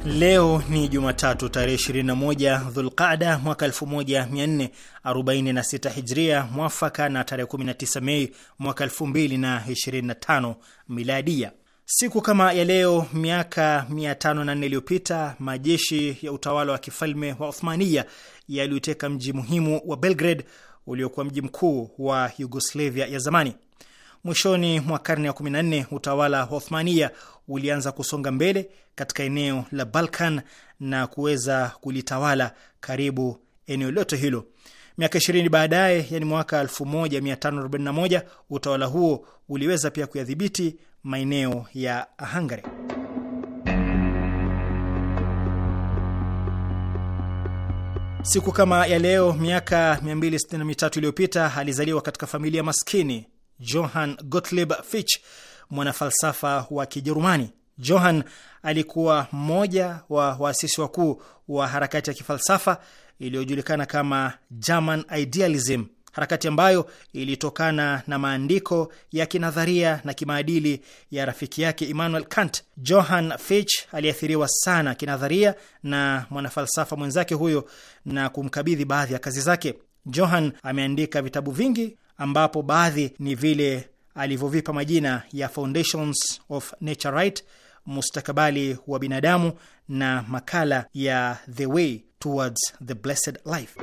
Leo ni Jumatatu tarehe 21 Dhulqada mwaka 1446 Hijria, mwafaka na tarehe 19 Mei mwaka 2025 Miladia. Siku kama ya leo miaka 504 iliyopita majeshi ya utawala wa kifalme wa Othmania yaliuteka mji muhimu wa Belgrade uliokuwa mji mkuu wa Yugoslavia ya zamani. Mwishoni mwa karne ya 14 utawala wa Othmania ulianza kusonga mbele katika eneo la Balkan na kuweza kulitawala karibu eneo lote hilo. Miaka 20 baadaye, yani mwaka 1541, utawala huo uliweza pia kuyadhibiti maeneo ya Hungary. Siku kama ya leo miaka 263 iliyopita alizaliwa katika familia maskini Johann Gottlieb Fichte, mwanafalsafa wa Kijerumani. Johann alikuwa mmoja wa waasisi wakuu wa harakati ya kifalsafa iliyojulikana kama German Idealism harakati ambayo ilitokana na maandiko ya kinadharia na kimaadili ya rafiki yake Immanuel Kant. Johann Fichte aliathiriwa sana kinadharia na mwanafalsafa mwenzake huyo na kumkabidhi baadhi ya kazi zake. Johann ameandika vitabu vingi ambapo baadhi ni vile alivyovipa majina ya Foundations of Nature Right, Mustakabali wa Binadamu na makala ya The Way Towards the Blessed Life.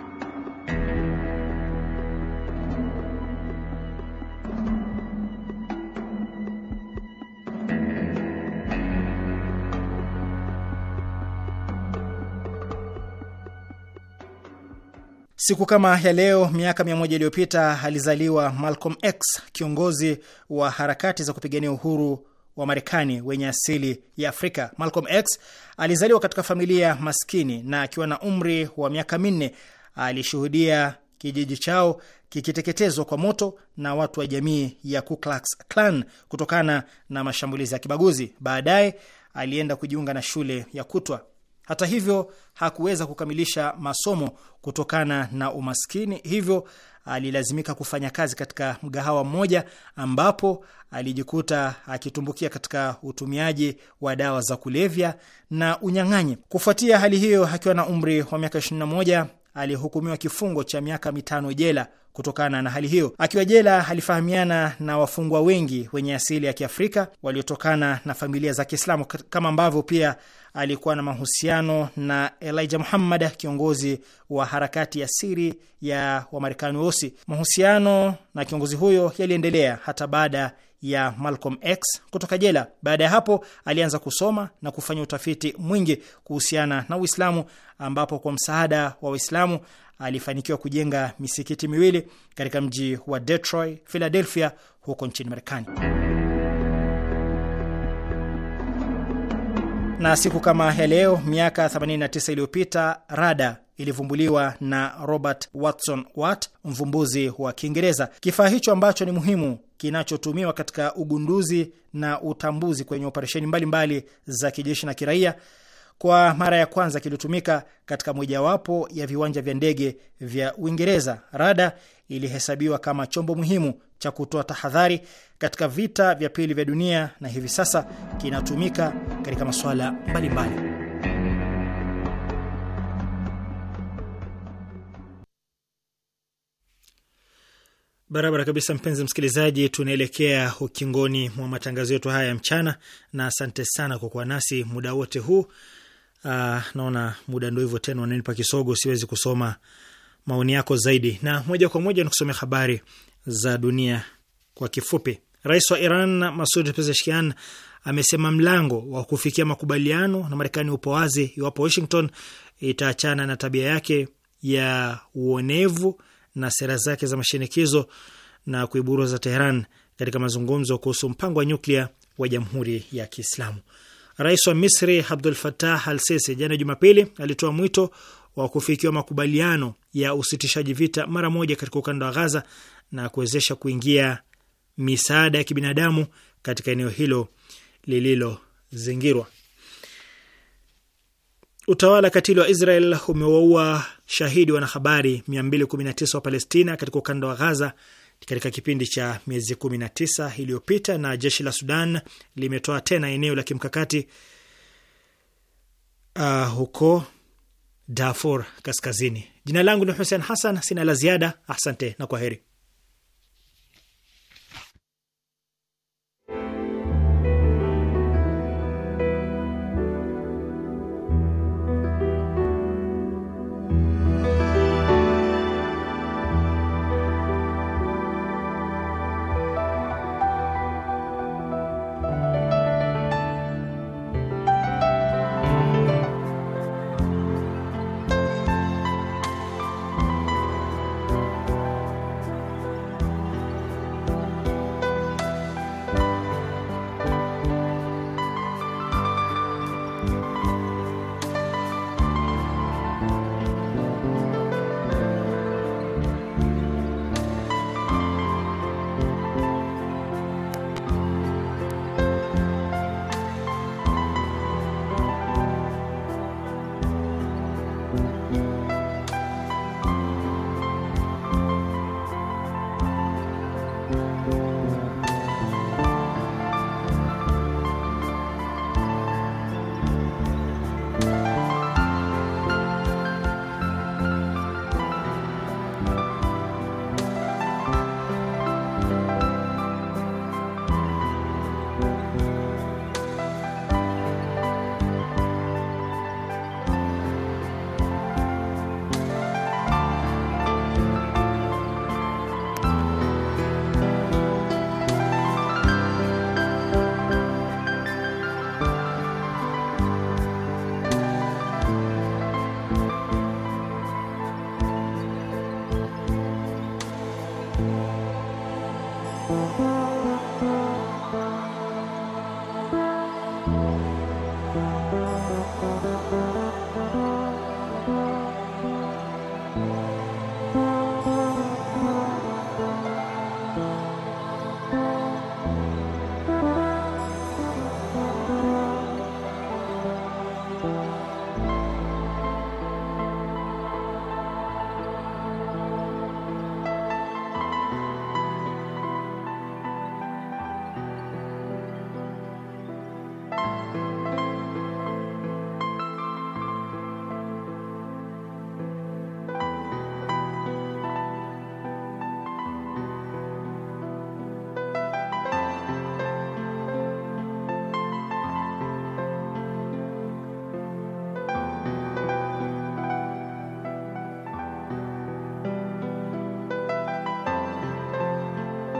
Siku kama ya leo miaka mia moja iliyopita alizaliwa Malcolm X, kiongozi wa harakati za kupigania uhuru wa Marekani wenye asili ya Afrika. Malcolm X alizaliwa katika familia maskini na akiwa na umri wa miaka minne alishuhudia kijiji chao kikiteketezwa kwa moto na watu wa jamii ya Ku Klux Klan kutokana na mashambulizi ya kibaguzi. Baadaye alienda kujiunga na shule ya kutwa. Hata hivyo hakuweza kukamilisha masomo kutokana na umaskini, hivyo alilazimika kufanya kazi katika mgahawa mmoja ambapo alijikuta akitumbukia katika utumiaji wa dawa za kulevya na unyang'anyi. Kufuatia hali hiyo, akiwa na umri wa miaka 21 aliyehukumiwa kifungo cha miaka mitano jela kutokana na hali hiyo. Akiwa jela, alifahamiana na wafungwa wengi wenye asili ya Kiafrika waliotokana na familia za Kiislamu, kama ambavyo pia alikuwa na mahusiano na Elijah Muhammad, kiongozi wa harakati ya siri ya Wamarekani weusi. Mahusiano na kiongozi huyo yaliendelea hata baada ya Malcolm X kutoka jela. Baada ya hapo, alianza kusoma na kufanya utafiti mwingi kuhusiana na Uislamu, ambapo kwa msaada wa Waislamu alifanikiwa kujenga misikiti miwili katika mji wa Detroit, Philadelphia huko nchini Marekani. Na siku kama ya leo miaka 89 iliyopita rada ilivumbuliwa na Robert Watson Watt, mvumbuzi wa Kiingereza. Kifaa hicho ambacho ni muhimu kinachotumiwa katika ugunduzi na utambuzi kwenye operesheni mbalimbali za kijeshi na kiraia, kwa mara ya kwanza kilitumika katika mojawapo ya viwanja vya ndege vya Uingereza. Rada ilihesabiwa kama chombo muhimu cha kutoa tahadhari katika vita vya pili vya dunia na hivi sasa kinatumika katika masuala mbalimbali. Barabara kabisa, mpenzi msikilizaji, tunaelekea ukingoni mwa matangazo yetu haya ya mchana, na asante sana kwa kuwa nasi muda wote huu. Uh, naona muda ndo hivyo tena, unanipa kisogo, siwezi kusoma maoni yako zaidi, na moja kwa moja nikusomea habari za dunia kwa kifupi. Rais wa Iran Masud Pezeshkian amesema mlango wa kufikia makubaliano na Marekani upo wazi iwapo Washington itaachana na tabia yake ya uonevu na sera zake za mashinikizo na kuiburuza Teheran katika mazungumzo kuhusu mpango wa nyuklia wa Jamhuri ya Kiislamu. Rais wa Misri Abdul Fatah Al Sisi jana Jumapili alitoa mwito wa kufikiwa makubaliano ya usitishaji vita mara moja katika ukanda wa Ghaza na kuwezesha kuingia misaada ya kibinadamu katika eneo hilo lililozingirwa. Utawala katili wa Israel umewaua shahidi wanahabari 219 wa Palestina katika ukanda wa Ghaza katika kipindi cha miezi 19 iliyopita, na jeshi la Sudan limetoa tena eneo la kimkakati uh, huko Darfur Kaskazini. Jina langu ni Hussein Hassan, sina la ziada. Asante na kwaheri.